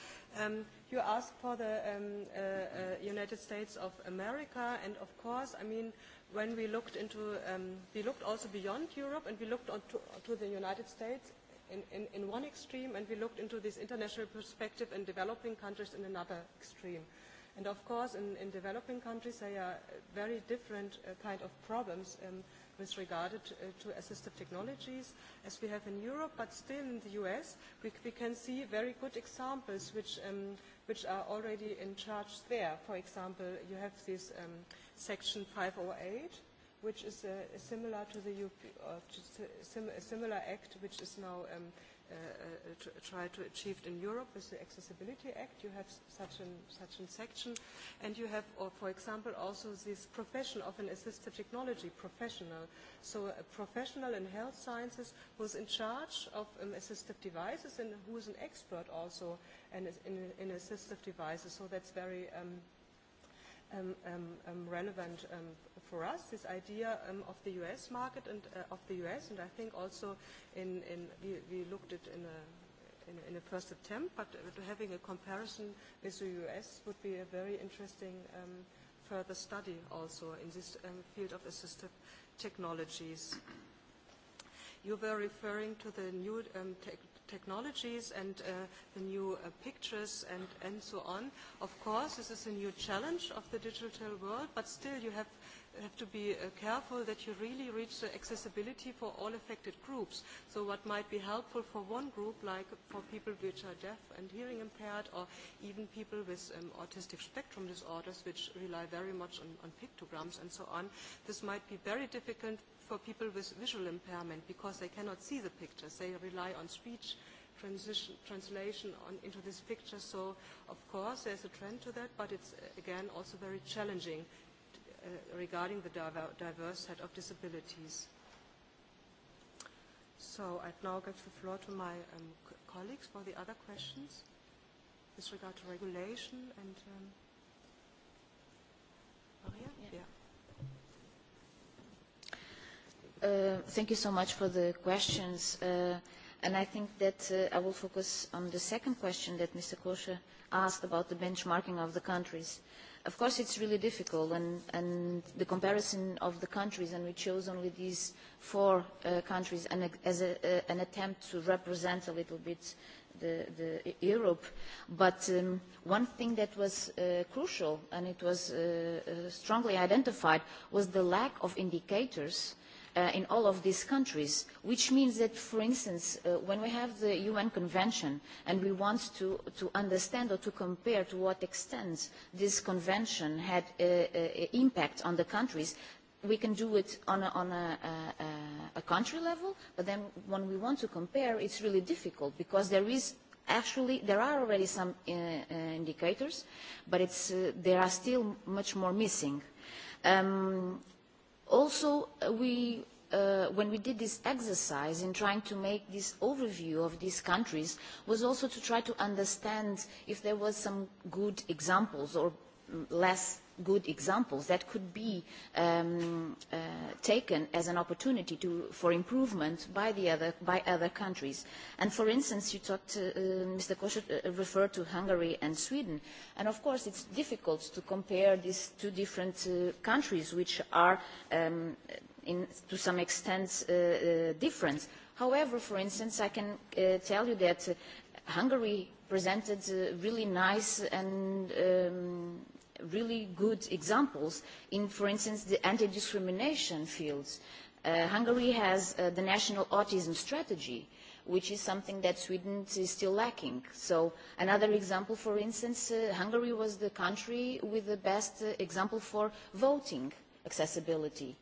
You asked for the United States of America, and of course, I mean, when we looked into, we looked also beyond Europe, and we looked to the United States in one extreme, and we looked into this international perspective in developing countries in another extreme. And of course, in developing countries, there are very different kind of problems with regard to assistive technologies as we have in Europe, but still in the US we can see very good examples which which are already in charge there. For example, you have this section 508 which is similar to the similar act which is now try to achieve in Europe with the Accessibility Act. You have such an such an section, and you have, for example, also this profession of an assistive technology professional. So a professional in health sciences who is in charge of assistive devices and who is an expert also in in assistive devices. So that's very um relevant um for us, this idea of the U.S. market and of the U.S. And I think also in in we looked at in a in a first attempt, but having a comparison with the U.S. would be a very interesting um further study also in this field of assistive technologies. You were referring to the new um technologies and the new pictures and so on. Of course, this is a new challenge of the digital world, but still you have have to be careful that you really reach the accessibility for all affected groups. So what might be helpful for one group, like for people which are deaf and hearing impaired, or even people with autistic spectrum disorders, which rely very much on pictograms and so on, this might be very difficult for people with visual impairment because they cannot see the pictures. They rely on speech translation on into this picture. So, of course, there's a trend to that, but it's, again, also very challenging regarding the diverse set of disabilities. So I'd now give the floor to my colleagues for the other questions with regard to regulation and Maria? Yeah. Thank you so much for the questions. And I think that I will focus on the second question that Mr. Kosher asked about the benchmarking of the countries. Of course, it's really difficult, and the comparison of the countries, and we chose only these four countries as an attempt to represent a little bit Europe. But one thing that was crucial, and it was strongly identified, was the lack of indicators in all of these countries, which means that, for instance, when we have the UN Convention and we want to understand or to compare to what extent this Convention had impact on the countries, we can do it on a country level, but then when we want to compare, it's really difficult because there is actually there are already some indicators, but there are still much more missing. Also, we when we did this exercise in trying to make this overview of these countries was also to try to understand if there were some good examples or less good examples that could be taken as an opportunity for improvement by other countries. And for instance, you talked, Mr. Kosher referred to Hungary and Sweden, and of course it's difficult to compare these two different countries which are to some extent different. However, for instance, I can tell you that Hungary presented really nice and really good examples in, for instance, the anti-discrimination fields. Hungary has the national autism strategy, which is something that Sweden is still lacking. So another example, for instance, Hungary was the country with the best example for voting accessibility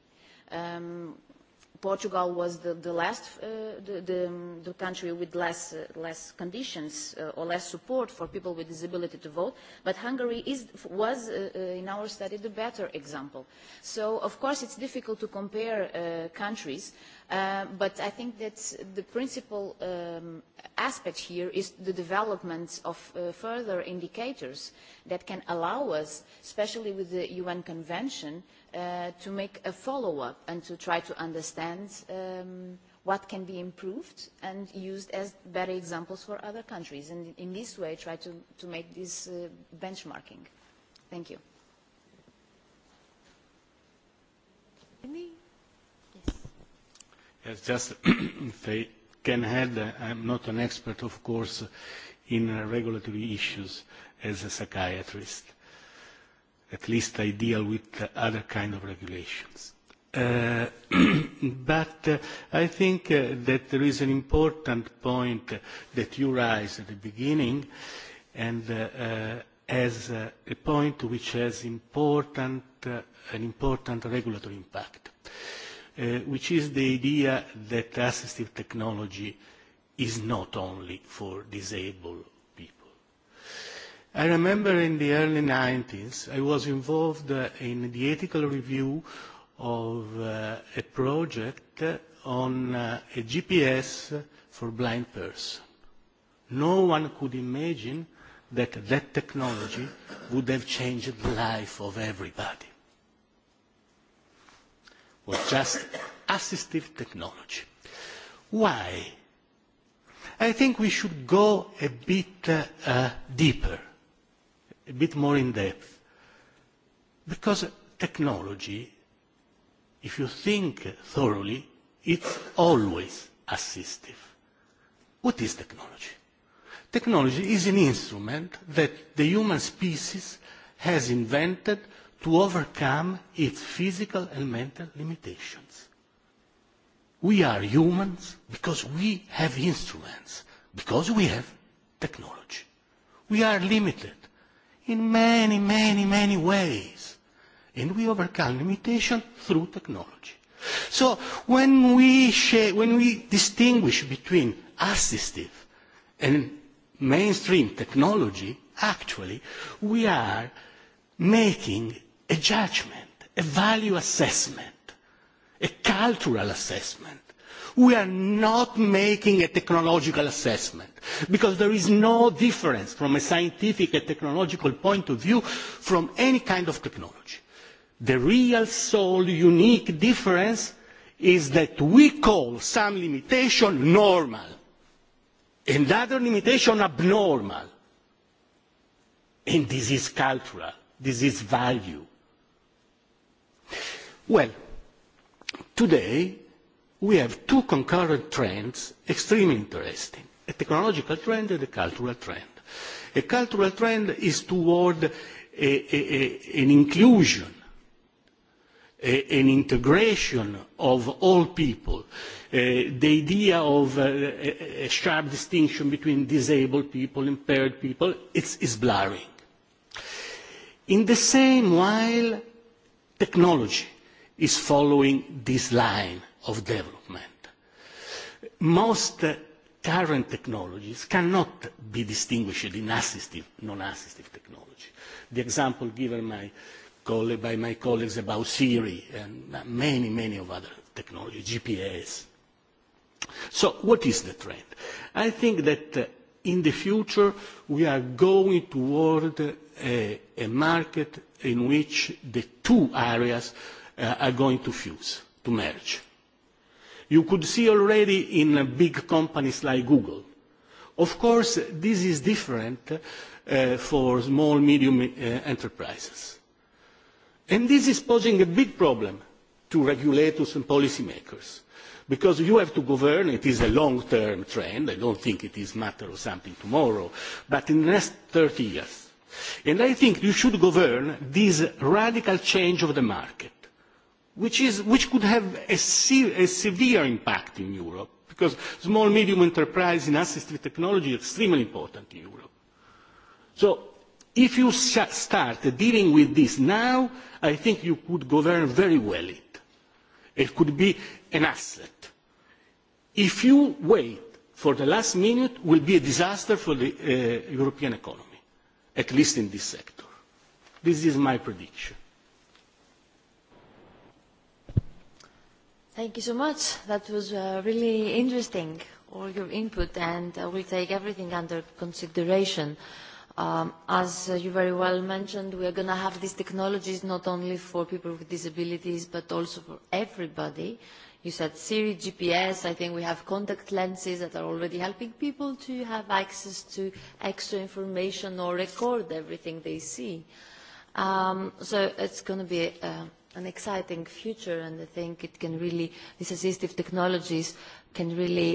Portugal was the the last the the country with less less conditions or less support for people with disability to vote, but Hungary is was in our study the better example. So of course it's difficult to compare countries, but I think that the principal aspect here is the development of further indicators that can allow us, especially with the UN Convention to make a follow-up and to try to understand what can be improved and used as better examples for other countries. And in this way, try to make this benchmarking. Thank you. Yes, just if can add, I'm not an expert, of course, in regulatory issues as a psychiatrist at least I deal with other kind of regulations. But I think that there is an important point that you raised at the beginning, and as a point which has important an important regulatory impact, which is the idea that assistive technology is not only for disabled I remember in the early 90s I was involved in the ethical review of a project on a GPS for blind persons. No one could imagine that that technology would have changed the life of everybody. It was just assistive technology. Why? I think we should go a bit deeper a bit more in depth. Because technology, if you think thoroughly, it's always assistive. What is technology? Technology is an instrument that the human species has invented to overcome its physical and mental limitations. We are humans because we have instruments, because we have technology. We are limited in many, many, many ways. And we overcome limitation through technology. So when we when we distinguish between assistive and mainstream technology, actually we are making a judgment, a value assessment, a cultural assessment we are not making a technological assessment because there is no difference from a scientific and technological point of view from any kind of technology. The real sole unique difference is that we call some limitation normal and other limitation abnormal. And this is cultural. This is value. Well, today we have two concurrent trends extremely interesting, a technological trend and a cultural trend. A cultural trend is toward an inclusion, an integration of all people. The idea of a sharp distinction between disabled people, impaired people, is blurring. In the same while, technology is following this line of development. Most current technologies cannot be distinguished in assistive, non-assistive technology. The example given by my colleagues about Siri and many, many of other technologies, GPS. So what is the trend? I think that in the future we are going toward a market in which the two areas are going to fuse, to merge You could see already in big companies like Google. Of course, this is different for small, medium enterprises. And this is posing a big problem to regulators and policymakers, because you have to govern. It is a long-term trend. I don't think it is a matter of something tomorrow, but in the next 30 years. And I think you should govern this radical change of the market which could have a severe impact in Europe, because small, medium enterprise in assistive technology is extremely important in Europe. So if you start dealing with this now, I think you could govern very well it. It could be an asset. If you wait for the last minute, it will be a disaster for the European economy, at least in this sector. This is my prediction. Thank you so much. That was really interesting, all your input, and we'll take everything under consideration. As you very well mentioned, we are going to have these technologies not only for people with disabilities, but also for everybody. You said Siri, GPS. I think we have contact lenses that are already helping people to have access to extra information or record everything they see. So it's going to be an exciting future and I think it can really, these assistive technologies can really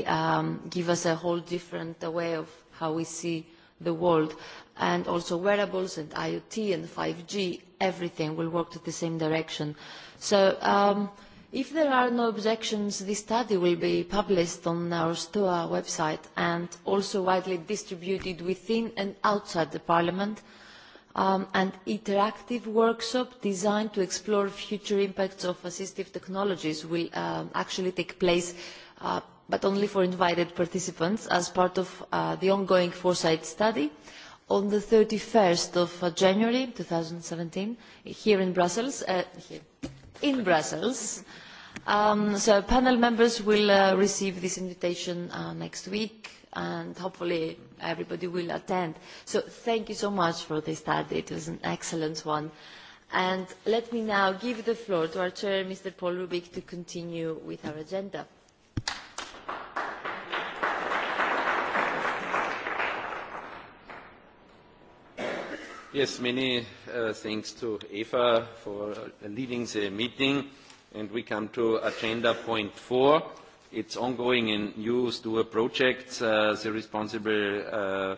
give us a whole different way of how we see the world. And also wearables and IoT and 5G, everything will work to the same direction. So if there are no objections, this study will be published on our STOA website and also widely distributed within and outside the Parliament and interactive workshop designed to explore future impacts of assistive technologies will actually take place, but only for invited participants, as part of the ongoing foresight study on the 31st of January 2017 here in Brussels. In Brussels. So panel members will receive this invitation next week and hopefully everybody will attend. So thank you so much for this study. It was an excellent one. And let me now give the floor to our chair, Mr. Paul Rubik, to continue with our agenda. Yes, many thanks to Eva for leading the meeting. And we come to agenda point four It's ongoing in new Stoa projects. The responsible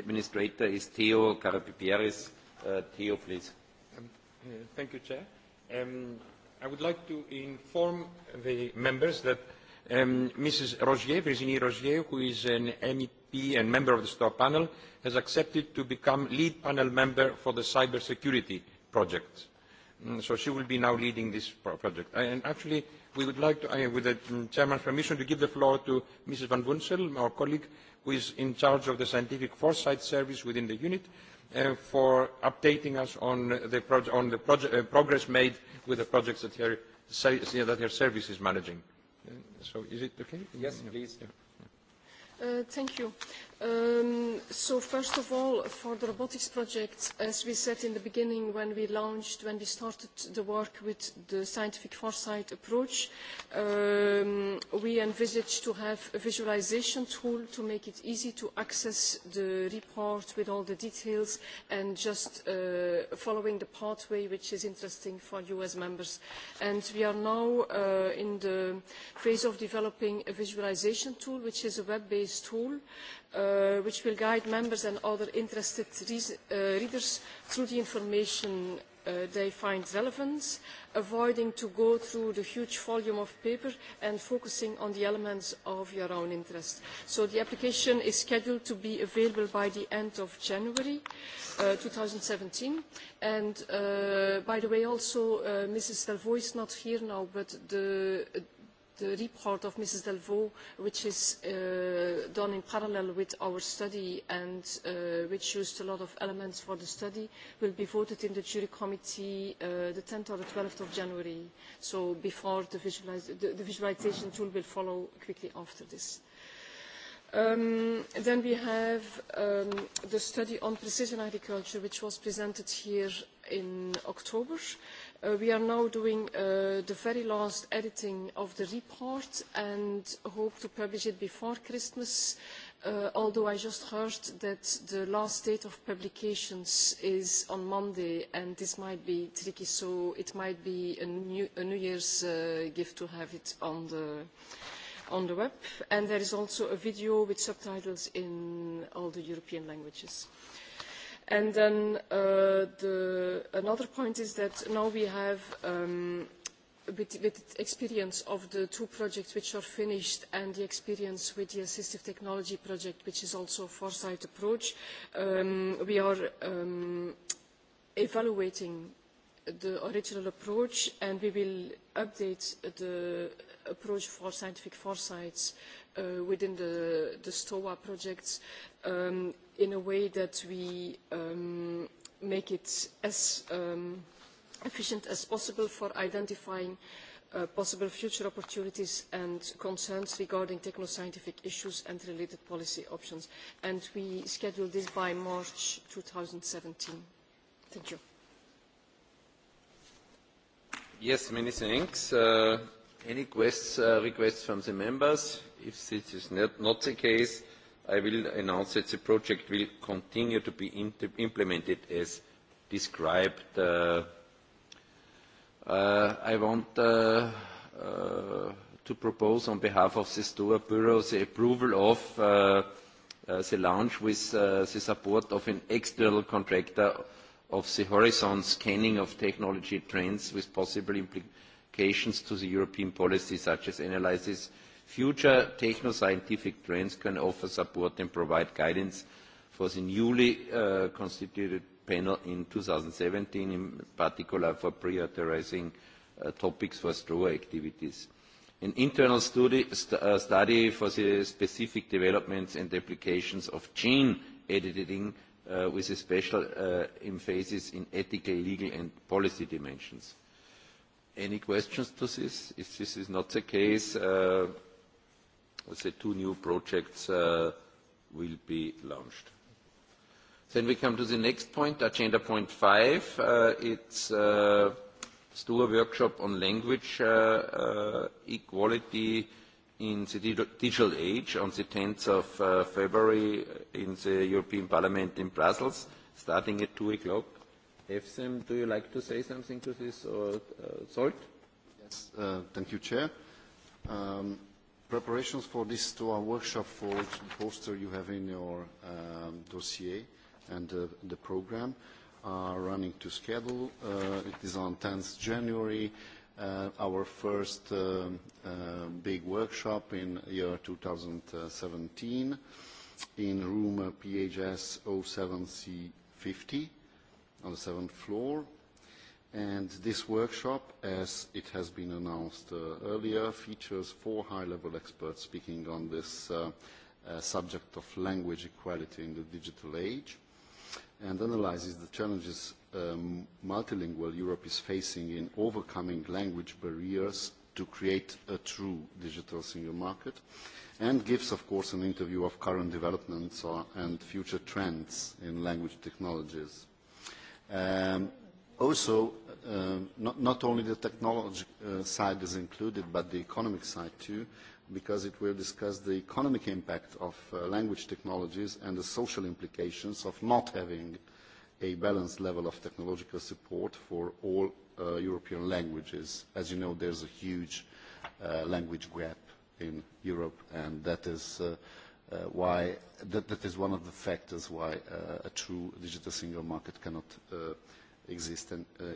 administrator is Theo Uh, Theo, please. Thank you, Chair. I would like to inform the members that Mrs. Rogier, Virginie Rogier, who is an MEP and member of the STOA panel, has accepted to become lead panel member for the cybersecurity project so she will be now leading this project. And actually, we would like, to, with the chairman's permission, to give the floor to Mrs. Van Bunsel, our colleague, who is in charge of the scientific foresight service within the unit, for updating us on the, on the progress made with the projects that her, that her service is managing. So is it okay? Yes, please. Thank you. So first of all, for the robotics project, as we said in the beginning when we launched, when we started the work with the scientific foresight approach, we envisaged to have a visualization tool to make it easy to access the report with all the details and just following the pathway which is interesting for you as members. And we are now in the phase of developing a visualization tool which is a web-based This tool which will guide members and other interested readers through the information they find relevant, avoiding to go through the huge volume of paper and focusing on the elements of your own interest. So the application is scheduled to be available by the end of January 2017. And by the way, also Mrs. Delvaux is not here now, but the the report of Mrs. Delvaux, which is done in parallel with our study and which used a lot of elements for the study, will be voted in the jury committee the 10th or the 12th of January. So before the visualization tool will follow quickly after this. Then we have the study on precision agriculture, which was presented here in October. We are now doing the very last editing of the report and hope to publish it before Christmas, although I just heard that the last date of publications is on Monday and this might be tricky, so it might be a New Year's gift to have it on the on the web, and there is also a video with subtitles in all the European languages. And then another point is that now we have, with experience of the two projects which are finished and the experience with the assistive technology project, which is also a foresight approach, we are evaluating the original approach and we will update the approach for scientific foresights within the STOA projects in a way that we make it as efficient as possible for identifying possible future opportunities and concerns regarding techno-scientific issues and related policy options. And we schedule this by March 2017. Thank you. Yes, many thanks. Any requests from the members? If this is not the case, I will announce that the project will continue to be implemented as described. I want to propose on behalf of the STOA Bureau the approval of the launch with the support of an external contractor of the horizon scanning of technology trends with possible implications applications to the European policy such as analysis, future techno-scientific trends can offer support and provide guidance for the newly constituted panel in 2017, in particular for prioritizing topics for STROA activities. An internal study for the specific developments and applications of gene editing with a special emphasis in ethical, legal and policy dimensions. Any questions to this? If this is not the case, the two new projects will be launched. Then we come to the next point, agenda point five. It's a workshop on language equality in the digital age on the 10th of February in the European Parliament in Brussels, starting at 2 o'clock. EFSEM, do you like to say something to this, or Yes, thank you, Chair. Preparations for this to our workshop for the poster you have in your dossier and the program are running to schedule. It is on 10th January, our first big workshop in year 2017 in room PHS 07C50 on the seventh floor. And this workshop, as it has been announced earlier, features four high-level experts speaking on this subject of language equality in the digital age and analyzes the challenges multilingual Europe is facing in overcoming language barriers to create a true digital single market, and gives, of course, an interview of current developments and future trends in language technologies. Also, not only the technology side is included, but the economic side too, because it will discuss the economic impact of language technologies and the social implications of not having a balanced level of technological support for all European languages. As you know, there's a huge language gap in Europe, and that is why that is one of the factors why a true digital single market cannot exist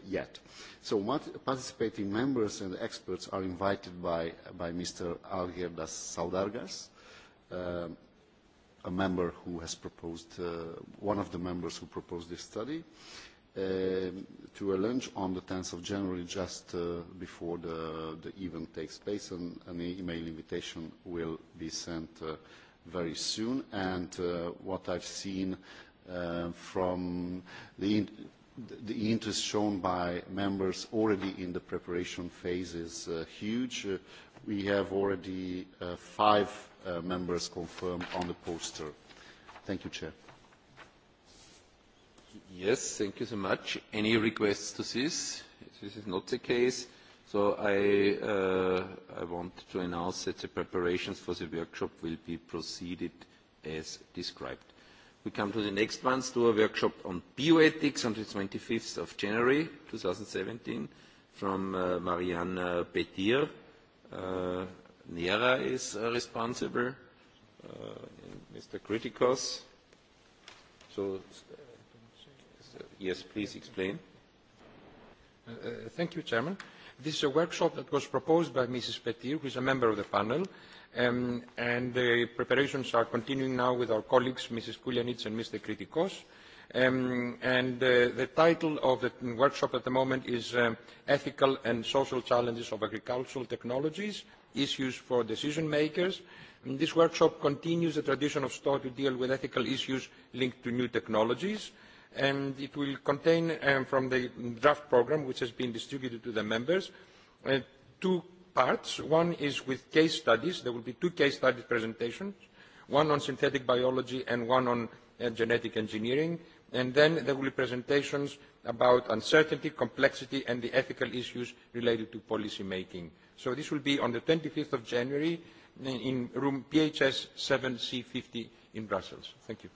yet. So participating members and experts are invited by Mr. Das Saudargas, a member who has proposed, one of the members who proposed this study, to a lunch on the 10th of January, just before the event takes place, and an email invitation will be sent very soon. And what I've seen from the the interest shown by members already in the preparation phase is huge. We have already five members confirmed on the poster. Thank you, Chair. Yes, thank you so much. Any requests to this? This is not the case. So I want to announce that the preparations for the workshop will be proceeded as described. We come to the next one, to a workshop on bioethics on the 25th of January 2017 from Marianne Petir. Nera is responsible, Mr. Kritikos. So, yes, please explain. Thank you, Chairman. This is a workshop that was proposed by Mrs. Petir, who is a member of the panel, and the preparations are continuing now with our colleagues, Mrs. Kulianic and Mr. Kritikos. And the title of the workshop at the moment is Ethical and Social Challenges of Agricultural Technologies, Issues for Decision Makers. This workshop continues the tradition of STOA to deal with ethical issues linked to new technologies and it will contain from the draft program which has been distributed to the members two parts. One is with case studies. There will be two case studies presentations, one on synthetic biology and one on genetic engineering. And then there will be presentations about uncertainty, complexity and the ethical issues related to policy making. So this will be on the 25th of January in room PHS 7C50 in Brussels. Thank you.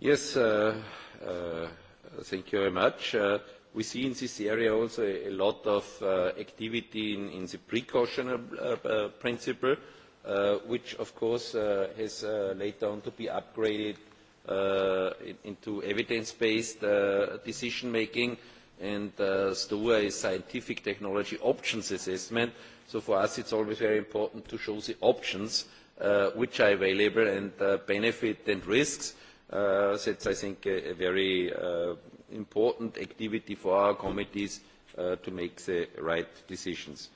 Yes, thank you very much. We see in this area also a lot of activity in the precautionary principle, which of course has later on to be upgraded into evidence-based decision-making, and STOA is scientific technology options assessment. So for us it's always very important to show the options which are available and benefit and risks That's, I think, a very important activity for our committees to make the right decisions.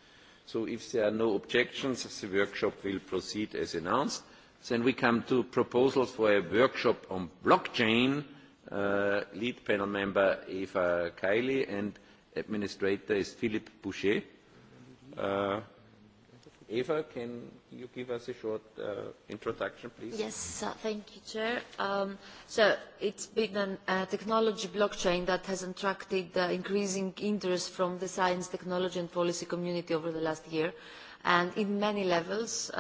So if there are no objections, the workshop will proceed as announced. Then we come to proposals for a workshop on blockchain. Lead panel member Eva Kiley and administrator is Philippe Boucher. Eva, can you give us a short introduction, please? Yes, thank you, Chair. So it's been a technology blockchain that has attracted increasing interest from the science, technology and policy community over the last year, and in many levels.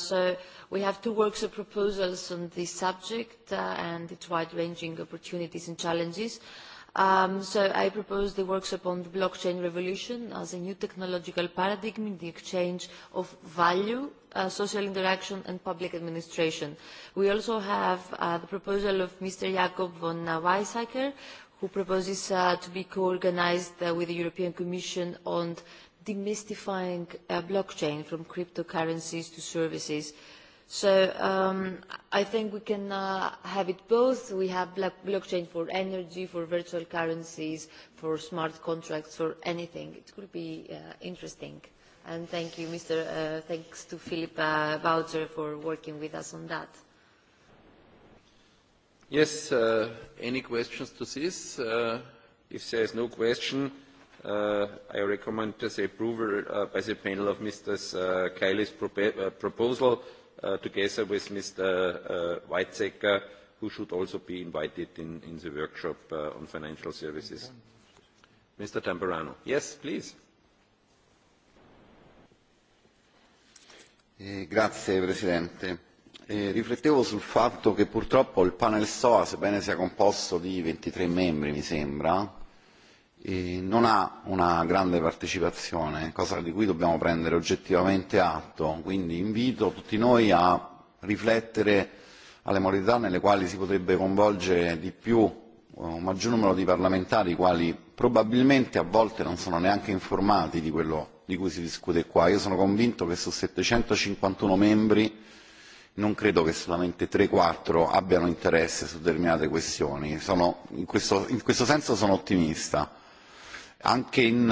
So we have two works of proposals on this subject and its wide-ranging opportunities and challenges. So I propose the works upon the blockchain revolution as a new technological paradigm in the exchange of value, social interaction and public administration. We also have the proposal of Mr. Jakob von Weissacker, who proposes to be co-organized with the European Commission on demystifying blockchain from cryptocurrencies to services So I think we can have it both. We have blockchain for energy, for virtual currencies, for smart contracts, for anything. It could be interesting. And thank you, Mr. Thanks to Philip Boucher for working with us on that. Yes. Any questions to this? If there is no question, I recommend the approval by the panel of Mr. Kiley's proposal together with Mr. Weizsäcker, who should also be invited in the workshop on financial services. Mr. Tamburano. Yes, please. Grazie, Presidente. Riflettevo sul fatto che purtroppo il panel SOA, sebbene sia composto di 23 membri, mi sembra, non ha una grande partecipazione, cosa di cui dobbiamo prendere oggettivamente atto, quindi invito tutti noi a riflettere alle modalità nelle quali si potrebbe coinvolgere di più un maggior numero di parlamentari, i quali probabilmente a volte non sono neanche informati di quello di cui si discute qua. Io sono convinto che su 751 membri non credo che solamente 3-4 abbiano interesse su determinate questioni. In questo senso sono ottimista anche in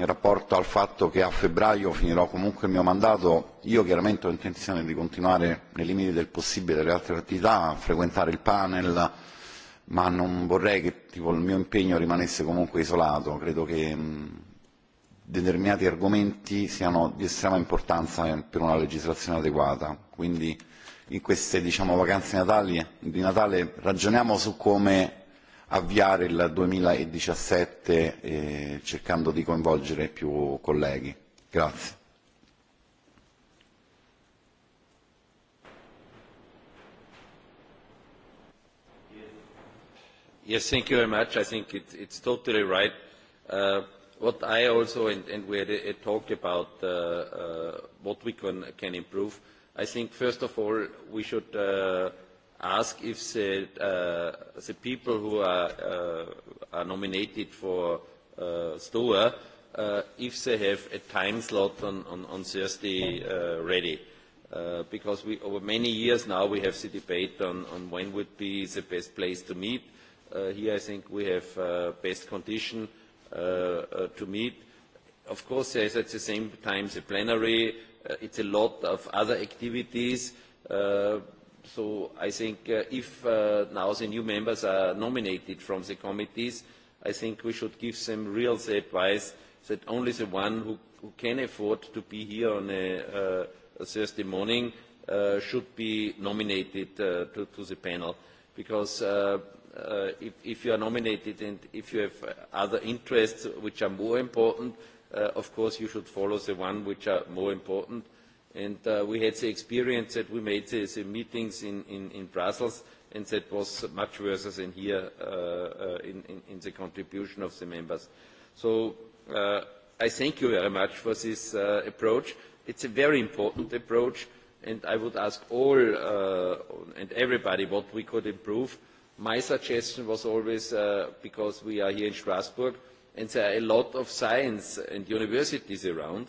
rapporto al fatto che a febbraio finirò comunque il mio mandato io chiaramente ho intenzione di continuare nei limiti del possibile le altre attività a frequentare il panel ma non vorrei che il mio impegno rimanesse comunque isolato credo che determinati argomenti siano di estrema importanza per una legislazione adeguata quindi in queste diciamo vacanze di Natale ragioniamo su come avviare il 2017 cercando di coinvolgere più colleghi. Grazie. Yes, thank you very much. I think it, it's totally right. Uh, what I also, and, and we had a, talk about uh, uh, what we can, can improve, I think first of all we should uh, ask if the people who are nominated for STOA, if they have a time slot on Thursday ready. Because over many years now we have the debate on when would be the best place to meet. Here I think we have best condition to meet. Of course, there is at the same time the plenary. It's a lot of other activities So I think if now the new members are nominated from the committees, I think we should give them real advice that only the one who can afford to be here on a Thursday morning should be nominated to the panel. Because if you are nominated and if you have other interests which are more important, of course you should follow the one which are more important And we had the experience that we made the meetings in Brussels, and that was much worse than here in the contribution of the members. So I thank you very much for this approach. It's a very important approach, and I would ask all and everybody what we could improve. My suggestion was always, because we are here in Strasbourg, and there are a lot of science and universities around,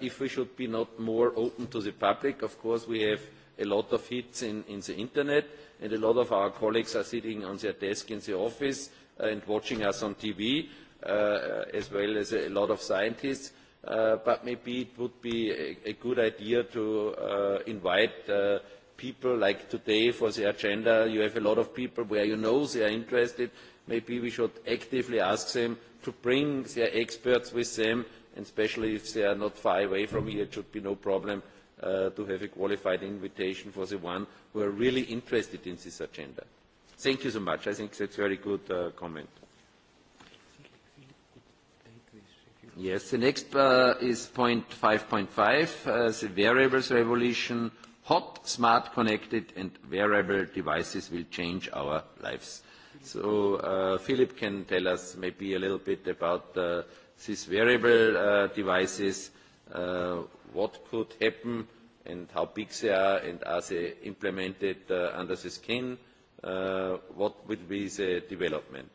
if we should be not more open to the public. Of course, we have a lot of hits in the Internet, and a lot of our colleagues are sitting on their desk in the office and watching us on TV, as well as a lot of scientists. But maybe it would be a good idea to invite people like today for the agenda. You have a lot of people where you know they are interested. Maybe we should actively ask them to bring their experts with them especially if they are not far away from here, it should be no problem to have a qualified invitation for the one who are really interested in this agenda. Thank you so much. I think that's a very good comment. Yes, the next is point 5.5, the variables revolution. Hot, smart, connected and wearable devices will change our lives. So Philip can tell us maybe a little bit about these wearable devices, what could happen and how big they are and are they implemented under the skin, what would be the development.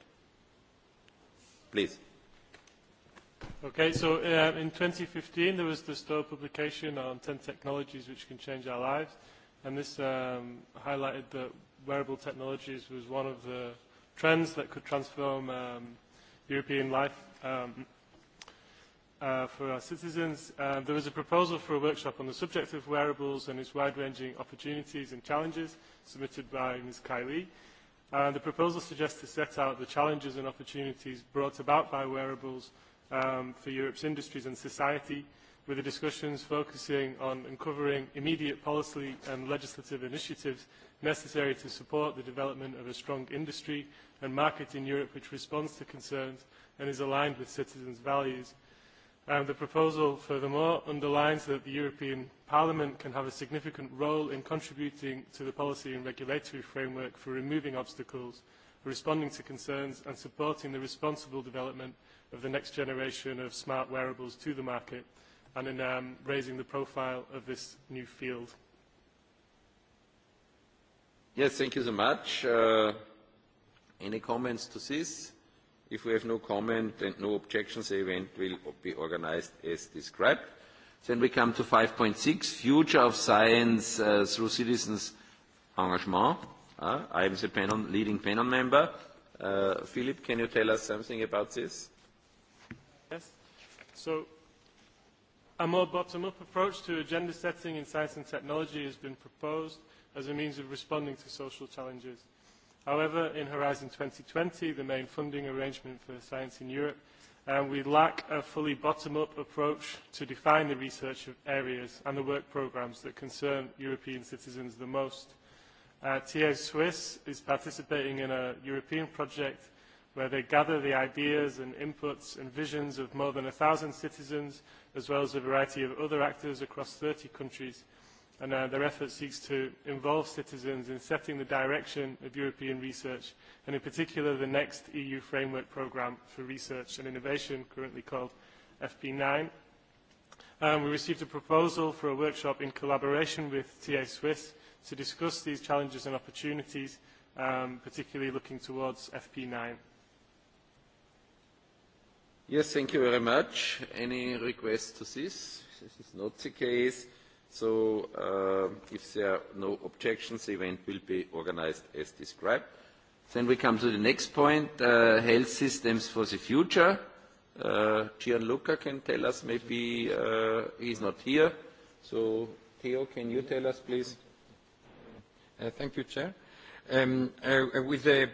Please. Okay, so in 2015 there was the STOA publication on 10 technologies which can change our lives, and this highlighted that wearable technologies was one of the trends that could transform European life for our citizens. There is a proposal for a workshop on the subject of wearables and its wide-ranging opportunities and challenges submitted by Ms. Kylie. The proposal suggests to set out the challenges and opportunities brought about by wearables for Europe's industries and society, with the discussions focusing on uncovering immediate policy and legislative initiatives necessary to support the development of a strong industry and market in Europe which responds to concerns and is aligned with citizens' values The proposal, furthermore, underlines that the European Parliament can have a significant role in contributing to the policy and regulatory framework for removing obstacles, responding to concerns and supporting the responsible development of the next generation of smart wearables to the market and in raising the profile of this new field. Yes, thank you so much. Any comments to this? If we have no comment and no objections, the event will be organized as described. Then we come to 5.6, Future of Science through Citizens' Engagement. I am the leading panel member. Philip, can you tell us something about this? Yes. So a more bottom-up approach to agenda setting in science and technology has been proposed as a means of responding to social challenges. However, in Horizon 2020, the main funding arrangement for science in Europe, we lack a fully bottom-up approach to define the research areas and the work programs that concern European citizens the most. TA Swiss is participating in a European project where they gather the ideas and inputs and visions of more than 1,000 citizens, as well as a variety of other actors across 30 countries, and their effort seeks to involve citizens in setting the direction of European research, and in particular the next EU framework programme for research and innovation, currently called FP9. We received a proposal for a workshop in collaboration with TA Swiss to discuss these challenges and opportunities, particularly looking towards FP9. Yes, thank you very much. Any requests to this? This is not the case. So if there are no objections, the event will be organized as described. Then we come to the next point, health systems for the future. Gianluca can tell us, maybe he's not here. So Theo, can you tell us, please? Thank you, Chair. With the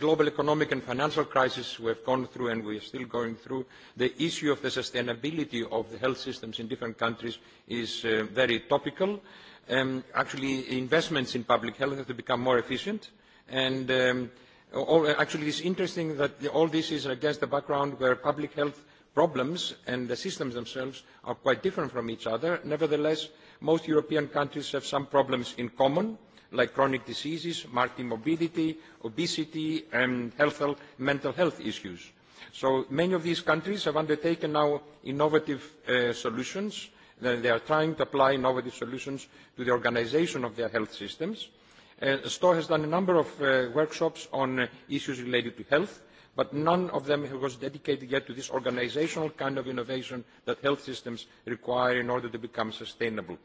global economic and financial crisis we have gone through and we are still going through, the issue of the sustainability of the health systems in different countries is very topical. Actually, investments in public health have to become more efficient. And actually, is interesting that all this is against the background where public health problems and the systems themselves are quite different from each other. Nevertheless, most European countries have some problems in common like chronic diseases, immobility, obesity and health mental health issues. So many of these countries have undertaken now innovative solutions. They are trying to apply innovative solutions to the organisation of their health systems. STO has done a number of workshops on issues related to health, but none of them was dedicated yet to this organisational kind of innovation that health systems require in order to become sustainable.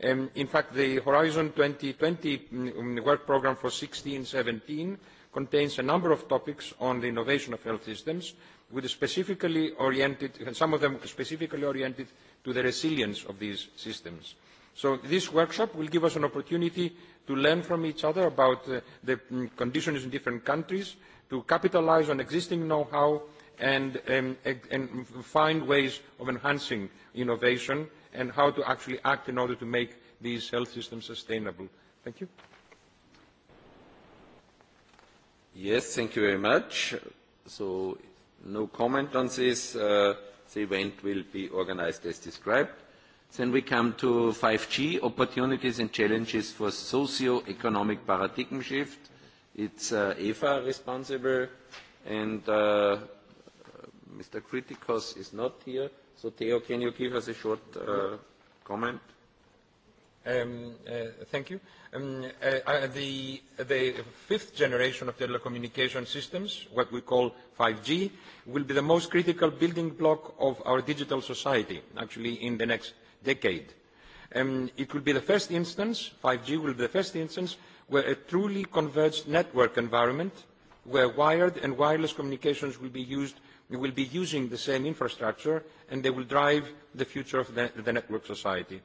In fact, the Horizon 2020 work programme for 16-17 contains a number of topics on the innovation of health systems, with specifically oriented, some of them specifically oriented to the resilience of these systems. So this workshop will give us an opportunity to learn from each other about the conditions in different countries, to capitalise on existing know-how and find ways of enhancing innovation and how to actually act in order to make these health systems sustainable. Thank you. Yes, thank you very much. So no comment on this. The event will be organized as described. Then we come to 5G, opportunities and challenges for socio-economic paradigm shift. It's Eva responsible, and Mr. Kritikos is not here. So, Theo, can you give us a short comment? Thank you. The fifth generation of telecommunication systems, what we call 5G, will be the most critical building block of our digital society, actually, in the next decade. It will be the first instance, 5G will be the first instance, where a truly converged network environment, where wired and wireless communications will be used They will be using the same infrastructure and they will drive the future of the network society.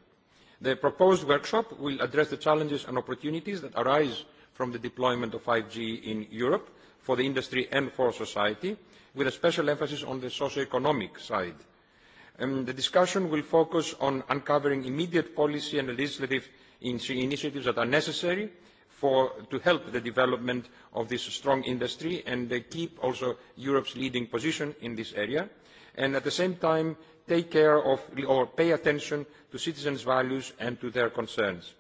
The proposed workshop will address the challenges and opportunities that arise from the deployment of 5G in Europe for the industry and for society, with a special emphasis on the socio-economic side. The discussion will focus on uncovering immediate policy and legislative initiatives that are necessary to help the development of this strong industry and keep also Europe's leading position in this area, and at the same time take care of or pay attention to citizens' values and to their concerns.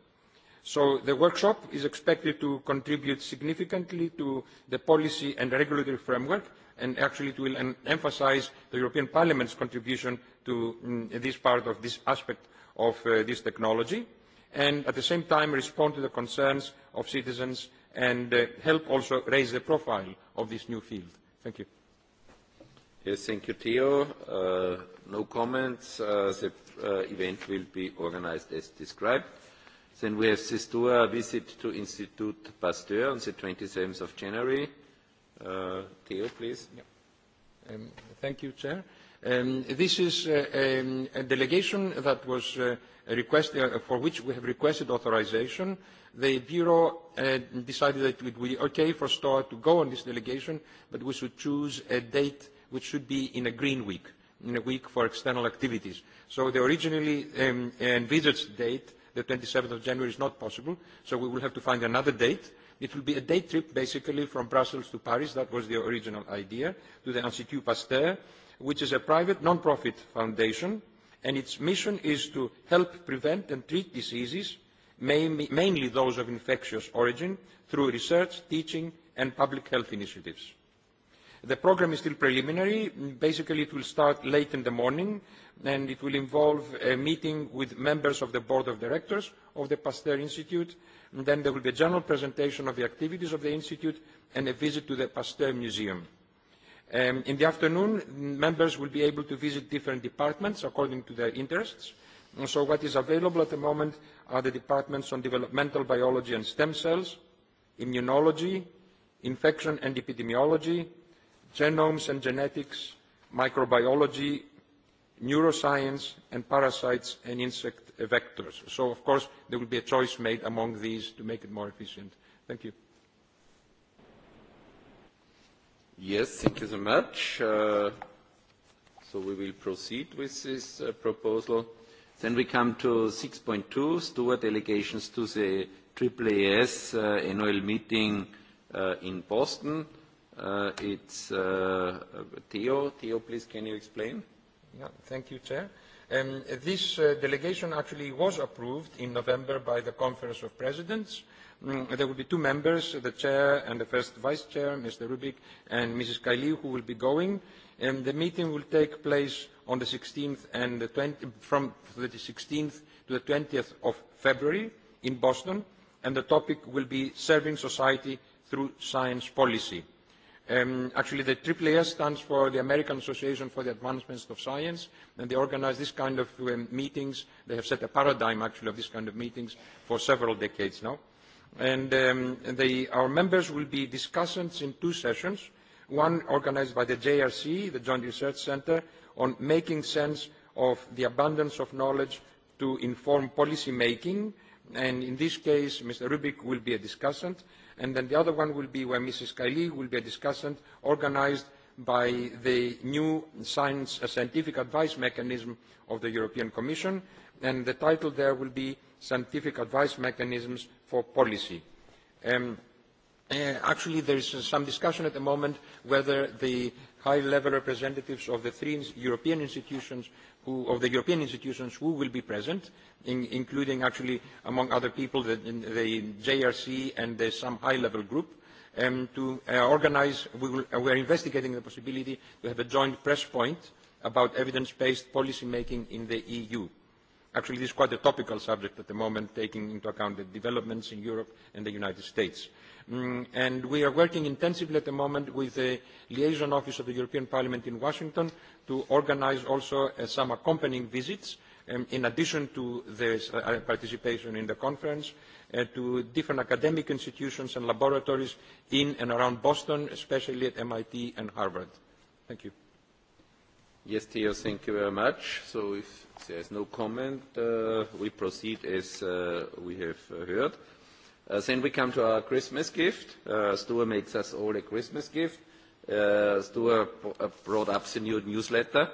So the workshop is expected to contribute significantly to the policy and regulatory framework, and actually it will emphasise the European Parliament's contribution to this part of this aspect of this technology and at the same time respond to the concerns of citizens and help also raise the profile of this new field. Thank you. Yes, thank you, Theo. No comments. The event will be organized as described. Then we have this visit to Institut Pasteur on the 27th of January. Theo, please. Thank you, Chair. This is a delegation that was request for which we have requested authorization, the Bureau decided that it would be okay for STOA to go on this delegation, but we should choose a date which should be in a green week, in a week for external activities. So the originally envisaged date, the 27th of January, is not possible, so we will have to find another date. It will be a day trip, basically, from Brussels to Paris, that was the original idea, to the Institut Pasteur, which is a private non-profit foundation and its mission is to help prevent and treat diseases, mainly those of infectious origin, through research, teaching and public health initiatives. The programme is still preliminary. Basically, it will start late in the morning, and it will involve a meeting with members of the Board of Directors of the Pasteur Institute. Then there will be a general presentation of the activities of the Institute and a visit to the Pasteur Museum. In the afternoon, members will be able to visit different departments according to their interests. So what is available at the moment are the departments on developmental biology and stem cells, immunology, infection and epidemiology, genomes and genetics, microbiology, neuroscience, and parasites and insect vectors. So, of course, there will be a choice made among these to make it more efficient. Thank you. Yes, thank you so much. So we will proceed with this proposal. Then we come to 6.2, Steward delegations to the AAAS annual meeting in Boston. It's Theo. Theo, please, can you explain? Yeah, thank you, Chair. This delegation actually was approved in November by the Conference of Presidents There will be two members, the chair and the first vice chair, Mr. Rubik and Mrs. Kaili, who will be going. And the meeting will take place on the 16 and the from the 16th to the 20 of February in Boston, and the topic will be serving society through science policy. Actually, the AAAS stands for the American Association for the Advancement of Science, and they organise this kind of meetings. They have set a paradigm, actually, of this kind of meetings for several decades now and our members will be discussants in two sessions, one organised by the JRC, the Joint Research Centre, on making sense of the abundance of knowledge to inform policy making, and in this case Mr. Rubik will be a discussant, and then the other one will be where Mrs. Kaili will be a discussant, organised by the new science scientific advice mechanism of the European Commission, and the title there will be Scientific Advice Mechanisms for policy. Actually, there is some discussion at the moment whether the high-level representatives of the three European institutions, of the European institutions, who will be present, including actually, among other people, the JRC and some high-level group, to organize. We are investigating the possibility to have a joint press point about evidence-based policy making in the EU. Actually, this is quite a topical subject at the moment, taking into account the developments in Europe and the United States. And we are working intensively at the moment with the liaison office of the European Parliament in Washington to organize also some accompanying visits, in addition to the participation in the conference, to different academic institutions and laboratories in and around Boston, especially at MIT and Harvard. Thank you. Yes, Theo, thank you very much. So if there is no comment, we proceed as we have heard. Then we come to our Christmas gift. Stuart makes us all a Christmas gift. Stuart brought up the new newsletter.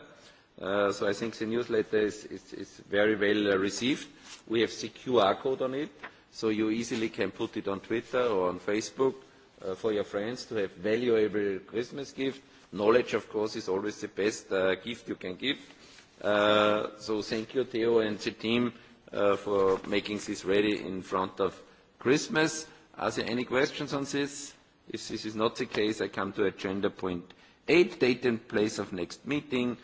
So I think the newsletter is very well received. We have the QR code on it, so you easily can put it on Twitter or on Facebook for your friends to have valuable Christmas gift knowledge, of course, is always the best gift you can give. So thank you, Theo and the team, for making this ready in front of Christmas. Are there any questions on this? If this is not the case, I come to agenda point eight, date and place of next meeting,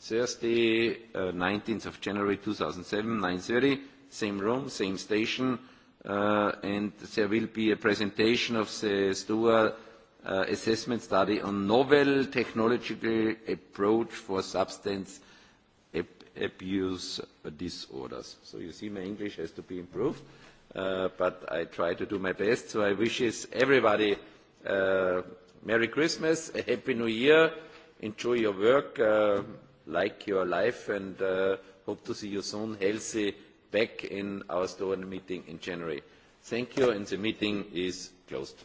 Thursday, 19th of January 2007, 9.30, same room, same station, and there will be a presentation of the assessment study on novel technological approach for substance abuse disorders. So you see my English has to be improved, but I try to do my best. So I wish everybody Merry Christmas, a Happy New Year, enjoy your work, like your life, and hope to see you soon healthy back in our store meeting in January. Thank you, and the meeting is closed.